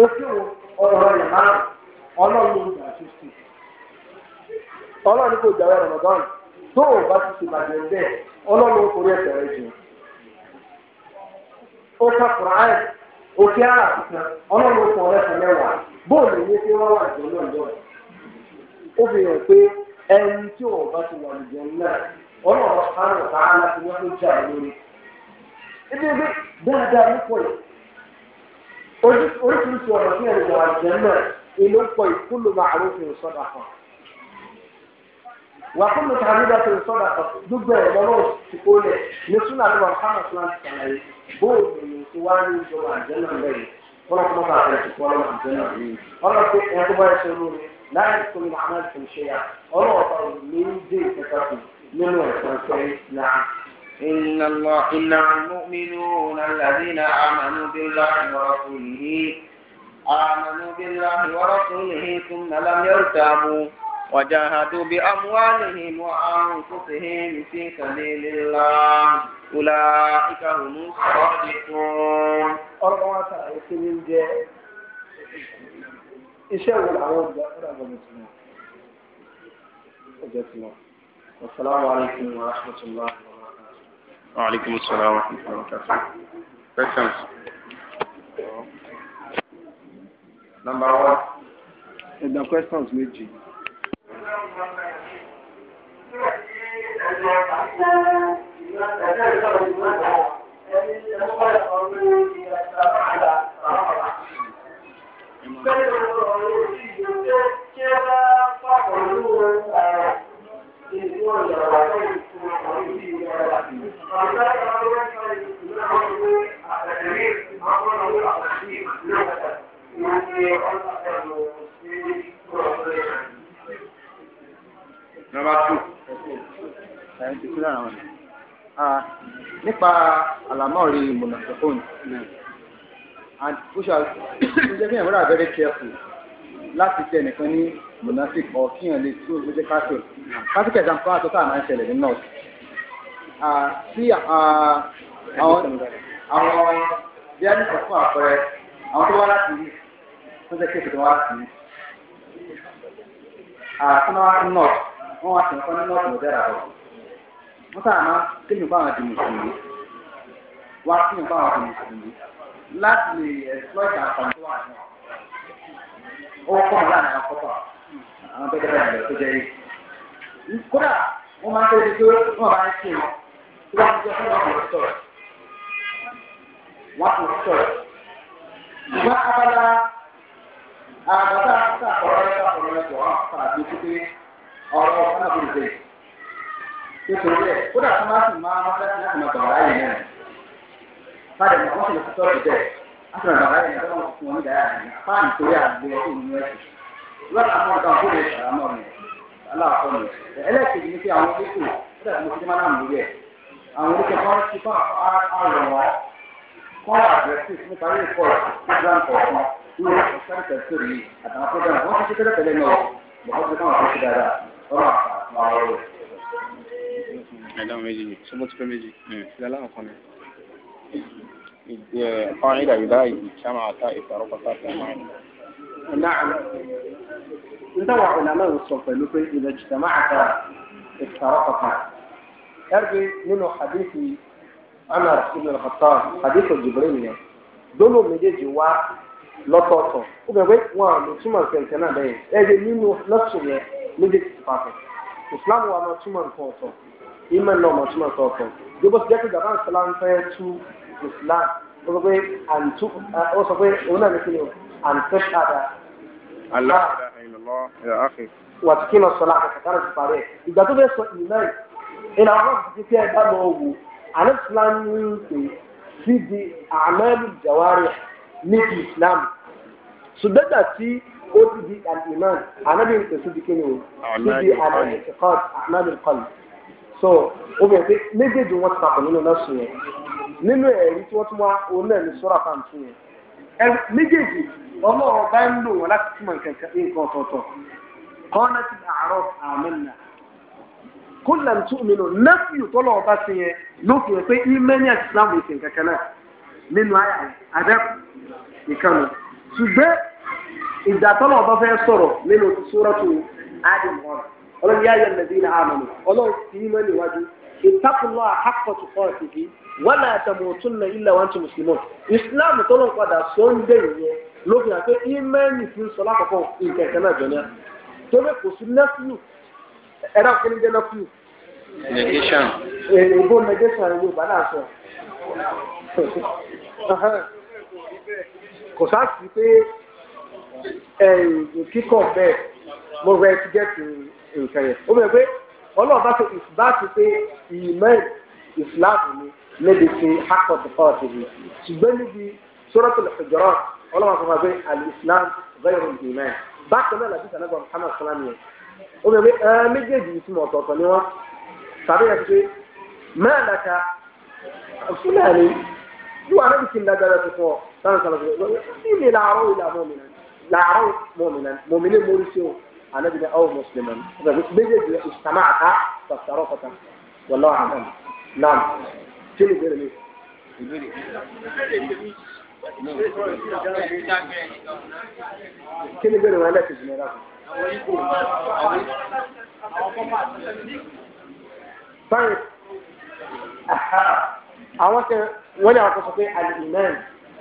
Oke ọ̀rọ̀ rẹ̀ máa ọlọ́run ló ń ọrụ ṣíṣe ọlọ́run kò jà Ramadan tó o bá ti ṣe bàjẹ́ bẹ́ẹ̀ ọlọ́run ọrụ ọrụ ọrụ rẹ̀ jìn ó ká Quran òkè ara ọrụ ọlọ́run ó mẹ́wàá bóòlù wọ́n wà lọ́dọ̀ ó fi hàn pé ẹni tí o bá ti wà náà ọlọ́run oríṣiríṣi ọ̀nà tí ẹ̀rọ ìwà àjẹ́mọ̀ èlò pọ̀ ìkúlù màálù fi sọ́dà kan. wà fún mi ká ní bá fi sọ́dà kan gbogbo ẹ̀ lọ́wọ́ ti kó lẹ̀ ní súnà tó wà fáwọn tó láti sàlàyé bóòlù ni ti wá ní ìjọba àjẹ́mọ̀ bẹ́ẹ̀ wọ́n kọ́ bá fẹ́ ti kọ́ إن الله إنما المؤمنون الذين آمنوا بالله ورسوله آمنوا بالله ورسوله ثم لم يرتابوا وجاهدوا بأموالهم وأنفسهم في سبيل الله أولئك هم الصادقون أربعة آيات من جاء إشاء العرب والسلام عليكم ورحمة الله وبركاته Alaikum السلام ورحمة الله وبركاته. barakatuh. Questions? Number one. Ẹ̀dá questions méjì. Thank you. Ah, nípa àlámọ̀rí mọ̀nàfẹ́fóònù and social ṣe jẹ́ kí ẹ̀wọ́n rà very careful láti tẹ nìkan ní monastic or kíyàn lè tún ojú káfíìn káfíìn ẹ̀dá nǹkan àtọ́tà máa ń ṣẹlẹ̀ ní north. sí àwọn àwọn bí a ní sọ fún àpẹẹrẹ àwọn tó wá láti rí tó jẹ́ kéèké tó wá láti rí. àtúnwá north wọ́n wá sí nǹkan ní north mọ̀dẹ́rà rọ̀ wọ́n sábà máa kéèyàn bá àwọn àdìmọ̀ sí i wá kéèyàn bá àwọn àdìmọ̀ sí i láti lè exploit àǹfààní tó wà ní ọ̀. ó pọ̀ lánàá àwọn kọ́kọ́ àwọn tó dẹ́gbẹ́ àgbẹ̀ tó jẹ́ yìí. kódà wọ́n máa ń tẹ́lẹ̀ tó wọ́n máa ń ṣe wọn tó wọ́n ti jẹ́ fún wọn kò sọ̀rọ̀ wọ́n kò sọ̀rọ̀. ìgbà abala àgbàdo àkókò àkọ́rọ́ rẹ̀ àkọ́rọ́ rẹ̀ jọ̀wọ́ àti títí ọ̀rọ̀ nítorí kódà tó máa sì máa máa àti bàbá yẹn tó wọn fún wọn dáa yẹn fáànù tó yà gbé ẹ òun yẹn ti àwọn ọ̀gá kó lè mi aláàfọ́ mi ẹlẹ́kejì ni pé àwọn oníkù ó dàbí mo máa nà mú yẹ àwọn oníkù kan ti fún àrùn wọn kọ́ àdírẹ́sì nípa ilé ìkọ́ program kọ̀ọ̀kan ní ìsáré tẹ̀síọ̀ yìí àtàwọn program wọ́n ti ṣe قاعدة بذلك اجتمع طائفة رفضت أجمعين نعم ندوى علماء الصوفية لكي إذا اجتمعت افترقتا يرجع منه حديث عمر بن الخطاب حديث جبريل dolo méjèèjì wá lọ́tọ̀ọ̀tọ̀ wa islam ó sọ pé àǹtú uh, ó sọ pé òun náà ní kí ni o àǹtú ṣáda. aláàdá ìlọlọ ìyá ákè. wà á kí lọ sọ láti kàkàrà ti parí ẹ ìgbà tó fẹ́ sọ ìlú ìlà ọlọ́run ti fi ẹ bá lọ wò àní islam ń pè síbi àmẹ́lì jawari ní ti islam ṣùgbẹ́gbà tí ó ti di al-iman ànábì ń pè kí ni o síbi àmẹ́lì ìkọ́t àmẹ́lì kọ́lù so obìnrin pé méjèèjì wọn ti papọ̀ nínú náà sùn yẹn. nínú ẹ̀rí tí wọ́n tún wá òun sọ́ra pàǹtí yẹn ẹ̀rù méjèèjì ọlọ́run bá ń lò wọ́n láti túmọ̀ nǹkan kọ́nà ti àárọ̀ àmìnà kúlẹ̀ ń tún mi nù nẹ́fìlì tọ́lọ̀ ọba sí yẹn ló fi hàn pé ìmẹ́ni àti islam ìsì kankan náà nínú àyà fẹ́ sọ̀rọ̀ nínú ọlọ́run yá wala na illa wa antum muslimun islam tó ló ń padà sọ ń dé ìyẹn ló fi hàn pé ìmẹ́ẹ̀nì fi ń sọ lákòókò nǹkan kan náà jọ ní à tó bẹ́ẹ̀ kò sí nẹ́fìlù ẹ̀rọ akẹ́ni jẹ́ nẹ́fìlù. negation. èèbó negation ìwé ìbá náà sọ. kò ni. níbi tí hakọ̀tù kọ́ọ̀tù yìí ṣùgbọ́n níbi suratul Hujurat ọlọ́wọ́n fún wa pé al-Islam ghayru al-iman bákan náà làbí sàlẹ̀ bọ̀ Muhammad salam yẹn ó bẹ̀rẹ̀ ẹ méjèèjì yìí túmọ̀ ọ̀tọ̀ọ̀tọ̀ ni wọ́n tàbí yẹn pé mẹ́ẹ̀dàkà fúlàní yóò wà níbi tí lágbára tó fún ọ sáà sàlẹ̀ fún ọ kí ni làárọ̀ yìí làárọ̀ mọ̀mìnà làárọ̀ mọ̀mìnà mọ̀mìnà mọ̀rìṣẹ́ o ànábi ni aw mùsùlùmí méjèèjì yẹn ìsàmáàtà tàfsàrọ̀ kọta wàlọ́ àdàm náà ṣé lè bẹ̀rẹ̀ mi. kí ni bẹ̀rẹ̀ wọn lẹ́sìn ìgbìmọ̀ ẹ̀rọ báyìí àwọn kan wọ́n ní àwọn kan sọ pé alìmẹ́rin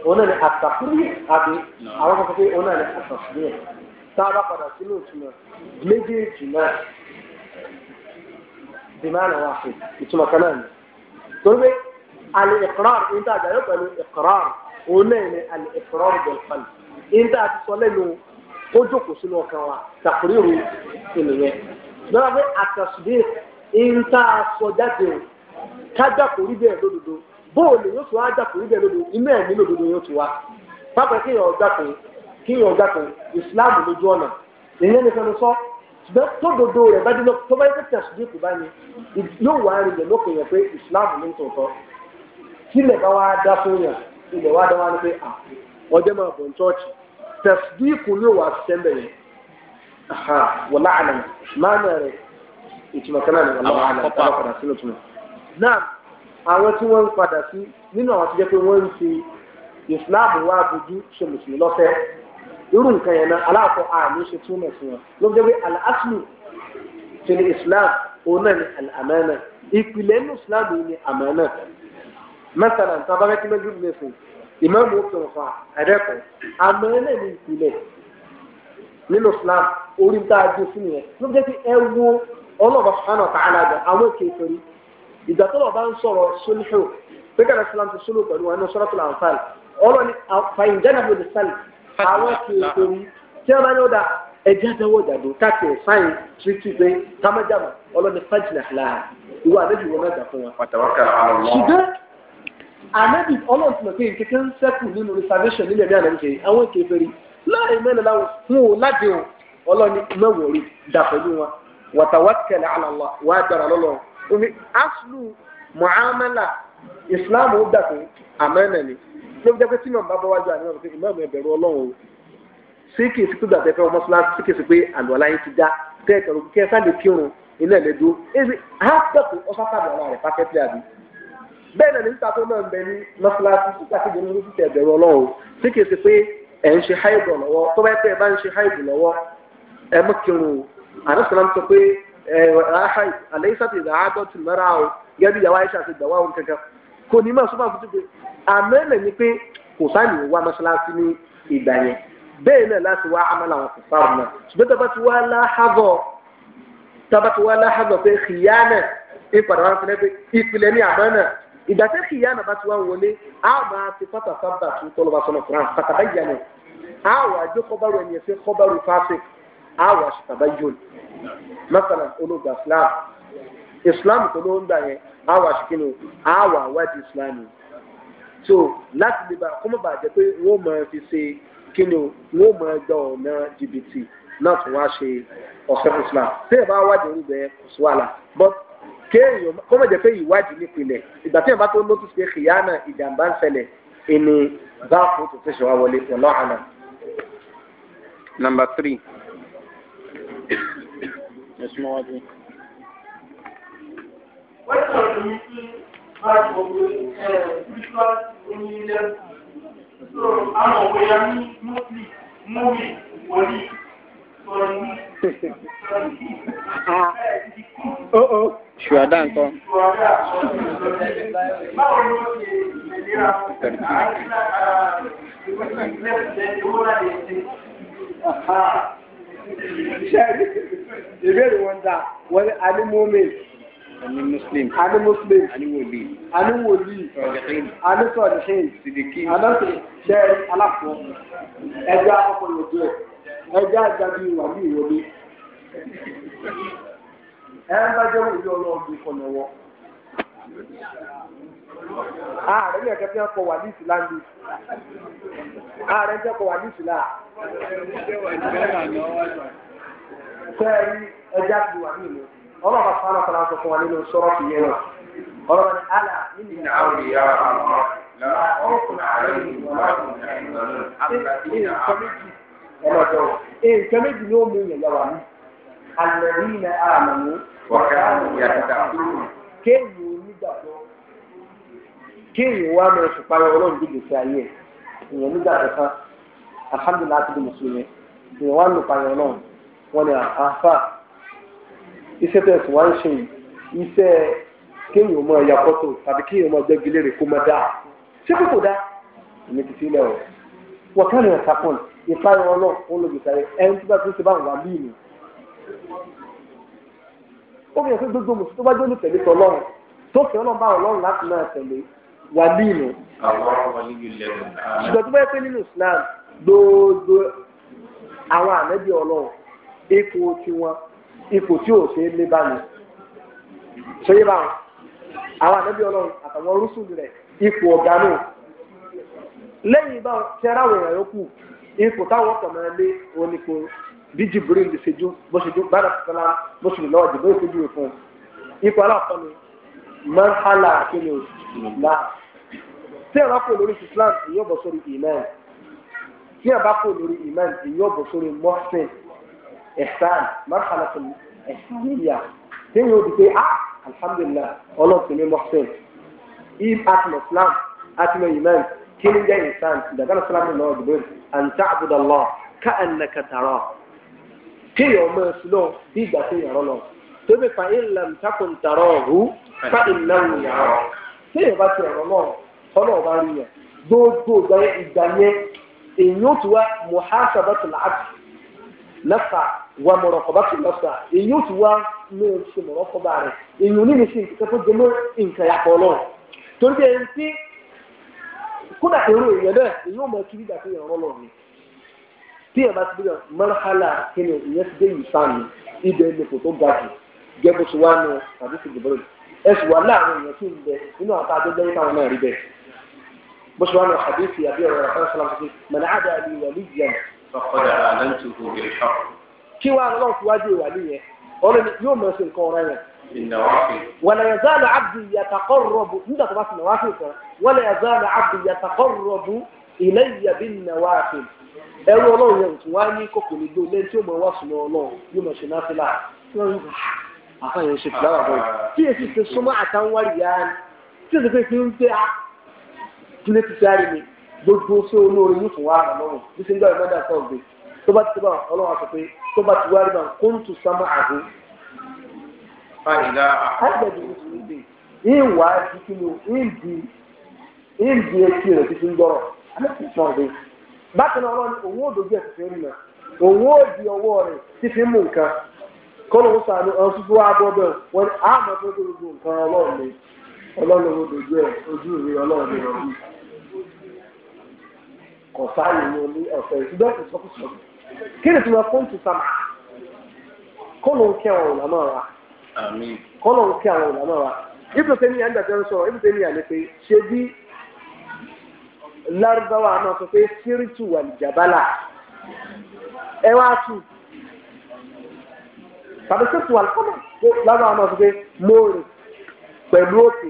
òun náà ni àtàkùnrin àbí àwọn kan sọ pé òun náà ni àtàkùnrin tá a bá padà sínú ìtumọ̀ méjèèjì náà bìmọ̀ àwọn àfẹ́ ìtumọ̀ kan náà ni torí alẹ́ ìkọ́rọ̀ níta àjàyọ̀ pẹ̀lú ìkọ́rọ̀ òun náà ní alẹ́ ìkọ́rọ̀ bẹ̀rẹ̀ níta àti sọ lẹ́nu ó jókòó sínú ọkàn wa tàkùrìrù ènìyàn lọ́la pé àtàsùdé níta sọ jáde kájà kò rí bẹ́ẹ̀ lódodo bóòlù yóò tún ájà kò rí bẹ́ẹ̀ lódodo inú ẹ̀mí lódodo yóò tún wá pápá kéèyàn ọjà pé kéèyàn ọjà pé ìsìláàmù lójú ọ̀nà èyí ẹnìkan ló sọ ṣùgbọ́n tó dodo rẹ̀ bá dúró tó bá yẹ kó tẹ̀sídìí kù bá ní yóò wá rí yẹn lókè yẹn pé Islam ní tòótọ́ tílẹ̀ bá wá dá fún yàn ilẹ̀ wá dá wá ní pé à ọjọ́ máa bọ̀ ní chọ́ọ̀chì tẹ̀sídìí kù yóò wá ṣiṣẹ́ mbẹ̀ yẹn wọ́n láàánà máàmì rẹ̀ ìtumọ̀ kan náà ni wọ́n láàánà táwọn padà sí lótùmọ̀ náà àwọn tí wọ́n ń padà sí nínú àwọn tó jẹ́ pé wọ́n ń fi Islam irú nǹkan yẹn náà aláàkọ àmì ṣe túmọ̀ sí wọn ló jẹ́ pé al-aslu fil islam òun náà ni al-amana ìpìlẹ̀ nínú islam yìí ni amana mẹ́tàlá nǹkan bá mẹ́tí mẹ́tí mẹ́tí fún ìmáàmù òkè ọ̀fà ẹ̀rẹ́kọ̀ amana ni ìpìlẹ̀ nínú islam orí ń tá a dé sí nìyẹn ló jẹ́ pé ẹ wo ọlọ́ọ̀bà subhanahu wa ta'ala gan àwọn èké torí ìgbà tó lọ́ọ̀bá ń sulhu pé kẹ́rẹ́ islam sulhu pẹ̀lú wọn ní suratul anfal ọlọ́ni fàyìnjẹ́nà ló ti sálì àwọn kìrìtò ní tí wọ́n bá ní ọ̀dà ẹ̀jẹ̀ àtẹwọ́ ìjàdó káàkiri sáyìn tìrìtì pé támájàmù ọlọ́ni fájìlá láà ìwọ àlejò wọn mẹ́ta fún wọn. ṣùgbọ́n ànábì ọlọ́run ti mọ̀ pé nǹkan ń sẹ́kù nínú reservation nílẹ̀ ní àlẹ́ àwọn kèfèrí láàrin mẹ́rin láwọn fún òun láti hàn ọlọ́ni mẹ́wọ̀ọ́rì dà pẹ̀lú wọn wàtàwákẹ̀lẹ̀ àlàlá wàá dára lọ́lọ́run omi aslu muamala islam ó dà pé àmẹ́nà ni ló fi jẹ́ pé tí màmú bá bọ́ wájú àná ọ̀sẹ̀ ìmáàmù ẹ̀bẹ̀rù ọlọ́run o sí kìí sí kúdà tẹ́fẹ́ ọmọ sílá sí kìí sí pé àlùwàlá yín ti dá tẹ́ẹ̀tẹ̀ ọ̀rọ̀ kíkẹ́ sáà lè kírun iná ẹ̀lẹ́ dúró ebi ápẹ́kù ọ̀sáfàdì ọ̀la rẹ̀ pákẹ́tì àbí bẹ́ẹ̀ náà níta tó náà ń bẹ ní mọ́sálásí síta kéde ní sísè ẹ̀bẹ̀rù ọlọ́run sí kìí sí pé ẹ̀ ń ṣe háìdù lọ́wọ́ tó bá pẹ́ ẹ bá ń ṣe háìdù lọ́wọ́ ẹ mú kírun o àná sọ̀rọ̀ ń sọ pé ẹ ráhàì àlẹ́ ìsàtì ìdá àádọ́tì mẹ́ra o gẹ́gẹ́ bí ìyàwó àyíṣà ti gbà wá àmẹ́mẹ́ ni pé kò sáàmì wá mọ́ṣáláṣí ní ìgbà yẹn bẹ́ẹ̀ náà láti wá amọ́lá wọn kò fáwọn náà ṣùgbọ́n tọ́ba ti wá láhàgọ́ tọ́ba ti wá láhàgọ́ pé kìyànà ìpàdé wọn fi lẹ́pẹ́ ìpìlẹ̀ ní àmọ́ náà ìgbà tí kìyànà bá ti wá wọlé a máa ti fọ́tà sábà tó tọ́lọ́ bá sọ́nà fúnra pàtàkì ìyànà a wà á jó kọ́bárù ẹni ẹ̀fẹ́ kọ́bárù fásitì a wà á ṣe tàbá yòn mọ́sálà olóògbà Islam Islam tó ló ń gbà yẹn a wà á ṣe kí ni a wà á wá di Islam yìí so láti lè bá kó má bàa jẹ́ pé wọ́n máa fi ṣe kí ni wọ́n máa gba ọ̀nà jìbìtì náà tún wá ṣe ọ̀fẹ́ Islam tí ẹ bá wádìí orí bẹ́ẹ̀ kò sí wàhálà but kéèyàn kó má jẹ́ pé ìwádìí nípìnlẹ̀ ìgbà tí ẹ bá tó notice pé kìyànà ìjàmbá ń ṣẹlẹ̀ ẹni bá kó tó fẹ́ ṣe wá wọlé ọ̀nà àná. number three. ẹ̀sùn wọn dún. wọ́n sọ̀rọ̀ mi sí báyìí gbogbo ẹ̀ onílẹ̀ so àwọn òwe ya ní mọ́tì mọ́mì wọlé sọ̀rọ̀mí sọ̀rọ̀mí bẹ́ẹ̀ ti kú. ó ó ṣùgbọ́n báwo ló ṣe ìlera àárín ìwé ìwé láti ṣe ṣe ìbéèrè wọn dà wọlé alimọ́mẹ́sì ani muslim ani muslim ani wòlíì ani wòlíì sọ̀dẹ̀hìn ani sọ̀dẹ̀hìn sidiki alọ́sẹ̀ ṣe aláfọ̀ ẹja ọkọlọ́dọ̀ ẹ ẹja àjàbí wàbí ìwọlé ẹ ń bá jẹ́ wòlíì ọlọ́ọ̀dún kọlọ́wọ́ ààrẹ ní ẹ̀kẹ́ fi hàn kọ wà ní ìsìlá ní ààrẹ ń tẹ́kọ̀ wà ní ìsìlá. sẹ́ẹ̀rí ẹja ti wà ní ìlú ọlọ́ba sọ́nà kan láti fún wa nínú sọ́rọ́ ti yẹn náà ọlọ́ba ní àlà nínú ìlà àwọn ìyá àwọn ọkùnrin àárẹ̀ ìlú ọlọ́dọ̀ nǹkan méjì ni ó mú yẹn yàrá mi alẹ́rí ilẹ̀ àmàmú kéèyàn onígbàgbọ́ kéèyàn wá mọ̀ ẹ̀sùn parẹ́ ọlọ́run dìgbò sí ayé ẹ̀ èèyàn nígbàgbọ́ kan alhamdulilayi ti di mùsùlùmí èèyàn wá lò parẹ́ ọlọ́run wọn ni àfa iṣẹ́ tẹ̀sán wá ń ṣe yìí iṣẹ́ kéèyàn mọ ẹ̀yà fọ́tò tàbí kéèyàn mọ ẹgbẹ́ gilére kó mọ dáa ṣé kò kò dáa èmi ti sílẹ̀ o wọ́n kàn yàn sàkùn ìparí wọn náà ó lòdì sáré ẹni tí bá ti ń ṣe bá wà bí mi. ó fi hàn pé gbogbo mùsùlùmí tó bá jẹ́ olùtẹ̀lé tọ́ lọ́rùn tó fi ọlọ́run bá ọlọ́run láti máa tẹ̀lé wà bí mi. ṣùgbọ́n tó bá yẹ pé nínú Islam gbogbo àwọn ànábì ọlọ́run ipò tiwọn ipò tí ò ṣe é lé báyìí ṣéyé báwọn àwọn ànábì ọlọ́run àtàwọn orúsùn rẹ̀ ipò ọ̀gá náà lẹ́yìn bá tẹ́ra àwọn èèyàn yòókù ipò táwọn ọkọ̀ máa lé òun ni kò bí Jibril lè ṣejú bó ṣejú bára sọ́la bó ṣe lọ́wọ́ jù bó ṣe jù fún un ipò aláàfọ́ ni manhala akínú là tí ẹ̀rọ kò lórí Islam ìyóòbọ̀ sórí iman tí ẹ̀rọ kò lórí iman ìyóòbọ̀ sórí mọ́sìn ẹ̀sán mọ́kànlá ẹ̀sán níyà téèyàn ó di pé ah alhamdulilah ọlọ́ọ̀tún mi mọ́sẹ̀ if atmọ̀ islam atmọ̀ iman kí ni jẹ́ ẹ̀sán ìdàgbàsílámù islam náà gbé an ta'budu Allah ká annaka tara kéèyàn ọmọ ẹ̀sùn náà bí ìgbà téèyàn rọ́ lọ tóbi fa in lam takun tarahu fa innahu yara téèyàn bá ti ọ̀rọ̀ náà tọ́lọ̀ bá rí yẹn gbogbo ìgbà yẹn èyí ó ti wá muhasabatul abd lẹ́fà wà mọ̀rọ̀kọ̀bá tó lọ sà èyí ó ti wá ní oṣù mọ̀rọ̀kọ̀bá rẹ̀ èyí ò ní lè ṣe nǹkan tó jẹmọ́ nǹkan yàtọ̀ ọlọ́run torí pé ẹni tí kódà èrò èèyàn bẹ́ẹ̀ èyí ò mọ̀ kí bí dàtí ìrànlọ́ lọ ni tí ẹ̀ bá ti bíyàn mọ́lẹ́hálà kí ni ìyẹn ti dé yìí sáà ni ibẹ̀ ni kò tó ga jù gẹ́gẹ́ bó nù tàbí ti dìbò lòdì ẹsùn wà láàrin èèyàn tí ń bẹ nínú àwọn tá a jẹjẹrẹ táwọn náà rí bẹ́ẹ̀ bó ṣe wà nù àdéhùn àbí ọ̀rọ̀ àbí ìwà níjìyàn. ọkọ̀ dàrá kí wàá lọ́n síwájú ìwà nìyẹn ọlọ́ni yóò mọ̀ sí nǹkan ọ̀rọ̀ yẹn. wala yazalu abdi nígbà tó bá yazalu abdi ẹrú ọlọ́run yẹn tún ní lẹ́yìn tí ó mọ̀ wá sùnmọ́ ọlọ́run yóò mọ̀ ṣe náfìlà àfa yẹn ṣe a ah, gbogbo sí olóore fún wa tó bá ti wá rí báwọn kóńtù sámà àhó. àgbẹ̀dì bákan náà di ọwọ́ nǹkan kọ́nà abọ́ bẹ́ẹ̀ á mọ̀ nǹkan ọlọ́run ọlọ́run ló ojú ọlọ́run yìí ọ̀sẹ̀ kí ni tuma fún tu sama kọ́nù kí àwọn ọ̀làmọ́ wa kọ́nù kí àwọn ọ̀làmọ́ wa ibùdó tẹ́mi yà ń dàbí ọ̀rọ̀ sọ̀rọ̀ ibùdó tẹ́mi yà ní pé ṣé bí lárúbáwá àmọ́ sọ pé síríìtù wà lìjàbálà ẹ wá tù tàbí síríìtù wà lọ́kọ́mọ̀ lárúbáwá àmọ́ sọ pé mọ́ọ̀rì pẹ̀lú òkè.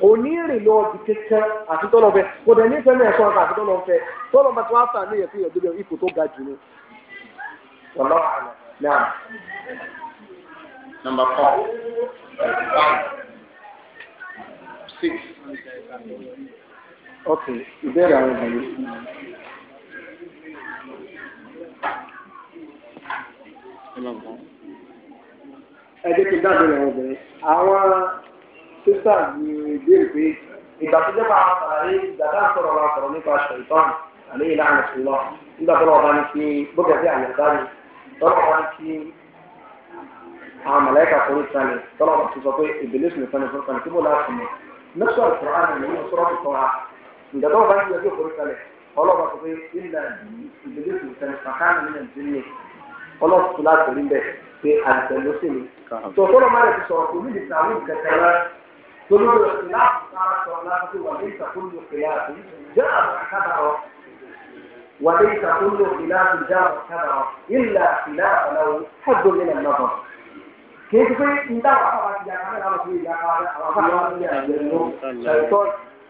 onírìn lọ di kẹkẹ àti tọlọfẹ kò dẹ nífẹ̀ẹ́ náà ẹ̀kọ́ àti tọlọfẹ tọlọfẹ tí wọn fà ní ẹfẹ yẹn dúró ipò tó ga jù ní. wọlọ náà. number four five six. ok ìbéèrè àwọn ìbéèrè. ẹ jẹ́ kí n dábìlì àwọn obìnrin àwọn sísà ní ìbéèrè pé ìgbà tó jẹ́ máa àlàyé ìgbà tá à ń sọ̀rọ̀ wa sọ̀rọ̀ nípa ṣèǹtọ́n àlẹ́ ìlànà ìṣúná nígbà tó lọ́wọ́ bá ní kí gbọ́dọ̀ sí àyẹ̀dá ni tọ́lọ́ bá ní kí àwọn mọ̀lẹ́kà forí sani tọ́lọ́ bá ti sọ pé ìbílẹ̀ sùn sani forí sani kí bó láti mọ̀ nẹ́sọ̀ ìfọ̀rọ̀ àná ìlú sọ̀rọ̀ tó tọ́ ha ìgbà tó bá ní kí ọjọ́ forí sani sọ pé ìlà ìbílẹ̀ sùn sani fàkánà nínú ìdílé ọlọ́sùn torí ọ̀rọ̀ ti láti sára sọ láti wà ní ìsàkóso kìláàsì já àkàdà ọ̀ wà ní ìsàkóso kìláàsì já àkàdà ọ̀ ìlà kìláàsì aláwo ọdún mi nà nàbọ̀. kìí ti pé ndá wà fáwọn àti ìyàrá náà wọ́n ti yà àwọn afáwọn àwọn àti ìyàrá ìlú ṣàìtọ́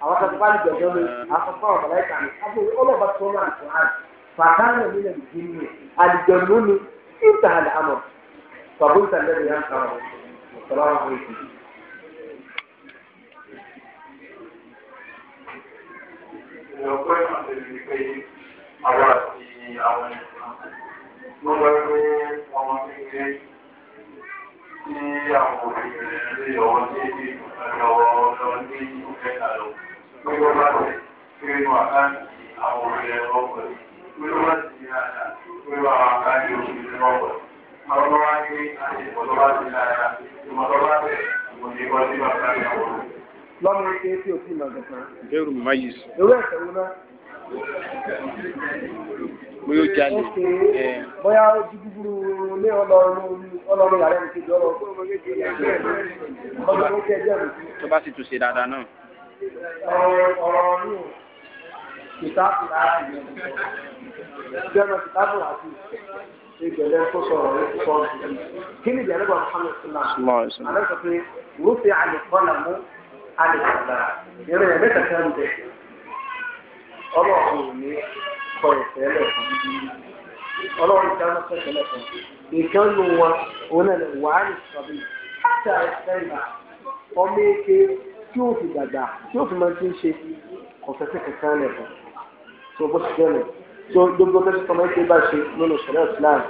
àwọn àti bá lùjọ jọ mi àkọ́kọ́ ọ̀bọ̀lá ìta mi àti ọlọ́ba tó máa tó hàn fàtánà mi nà bìí mi àlùjọ lónìí ìtàn àlàmọ̀ fàbúntà lẹ́nu yà ń kàwọ́ sọlá wà fún ìtìjú. ìlọ́pọ̀ ẹ̀mà tẹ̀lé ní àwọn àti àwọn ẹ̀sán ló bá pé ọmọ kékeré tí àwọn òṣèré ilé ọwọ́ ní ibi ìrànlọ́wọ́ lọ ní ìfẹ́ta lọ pé ó bá tẹ̀ pé inú àkáǹtì àwọn òṣèré ọkọ̀ pé ó bá ti dáadáa pé ó àwọn àkáǹtì òṣèré ọkọ̀ àwọn ọmọ wa ní àti ìmọ̀lọ́wọ́ ti tẹ̀ lọ́mọ ike tí o ti mọ̀ gẹ̀gẹ̀. Bẹ́ẹ̀rù má yìí sùn. Ewé ẹ̀sẹ̀ wo náà? Bóyá ó jalè. Bóyá ó di gbúgbúrú ní ọlọ́run ọlọ́run yàrá ẹni kejì ọlọ́run tó ọmọ kékeré ẹgbẹ́ rẹ̀. Ọmọ kékeré ẹgbẹ́ rẹ̀. Tó bá sì tún ṣe dáadáa náà. Ọ̀rọ̀ mi ò kìtàbù láti jẹ́nu kìtàbù àti ìgbẹ̀lẹ̀ tó sọ̀rọ̀ ní sísọ̀rọ̀ kí ni ìjẹ́rẹ́gbọ̀n Muhammad Sallam? Àlẹ́ sọ pé, "Rúfin àlè kọ́là mú alìkàlà ìrìn ẹ̀ mẹ́ta kan bẹ̀ ọlọ́run ò ní kọ ìfẹ́ lẹ̀ ọlọ́run ìjà náà fẹ́ẹ́ tẹ̀lé kan nǹkan ló wa òun náà wàá ní sọ́bí ṣáà ẹ̀fẹ́ ìgbà ọmọ eke tí ó fi dàgbà tí ó fi máa ti ń ṣe ọ̀sẹ̀sẹ̀ kankan lẹ̀ kan tó bó ṣe bẹ́ẹ̀ lẹ̀ tó gbogbo bẹ́ẹ̀ sọ́mọ́ eke bá ṣe nínú ṣẹlẹ̀ Islam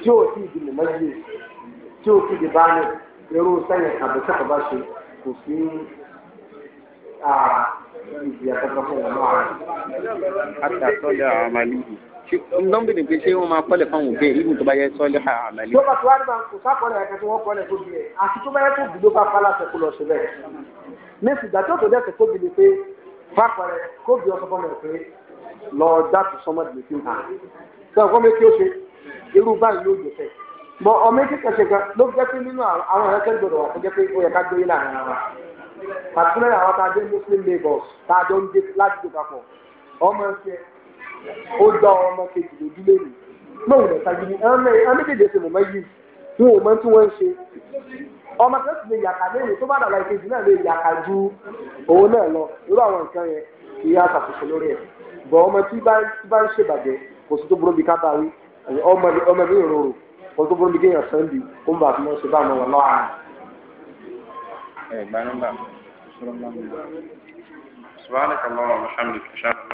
tí ó ti di mẹ́jì tí ó ti di báyìí irú sẹ́yìn àbẹ̀sẹ̀ bá ṣe kò sí Àtà sọ́lẹ̀ àmàlì yìí. Ǹjọ́ ń bèrè pé ṣé wọ́n máa kọ́lẹ̀ fáwọn òbí ẹ̀ ìbùn tó bá yẹ sọ́lẹ̀ àmàlì. Tó bá tó wá nígbà kò sákọ̀ọ́lẹ̀ ẹ̀ka tí wọ́n kọ́lẹ̀ tó bí ẹ̀. Àti tó bá yẹ kó bùdó bá fálà sẹ́kù lọ sílẹ̀. Mẹ́sì ìgbà tó tó dẹ́sẹ̀ kó bi ni pé fákọ̀ọ́lẹ̀ kó bi ọsọ fọmọ pé lọ dá tó sọmọ ìlú tí ó hàn. Sọ fọ́ mi kí ó ṣe irú báyìí ló jẹ fẹ́. Mọ ọmọ ekí kẹsẹ̀ kan ló jẹ́ pé nínú àwọn ẹ̀kẹ́ gbọdọ̀ wà particularly àwọn tá a jẹ́ muslim neighbors tá a jọ ń gbé ládùúgbò papọ̀ ọmọ ẹsẹ̀ ó dá ọmọ kejì lójú lẹ́nu náà wọ́n ṣáájú ní ẹ̀rọ méjèèjì ṣe mọ̀mọ́ yìí wọn ò mọ tí wọ́n ń ṣe ọmọ tó sì lè yàtà lẹ́yìn tó bá dàgbà ìkejì náà lè yàtà ju òun náà lọ irú àwọn nǹkan yẹn kì í àtàkùsọ lórí ẹ̀ bọ̀ ọmọ tí bá ń ṣèbàjẹ́ kò sí tó burú bí ká bá wí ọmọ mi ìrorò kò sí tó burú bí kéèyàn sẹ́ńdì ó ń bà á fi mọ́ ṣe bá àwọn ọ̀nà náà ẹ̀ gba nọ́mbà. سبحانك اللهم وبحمدك اشهد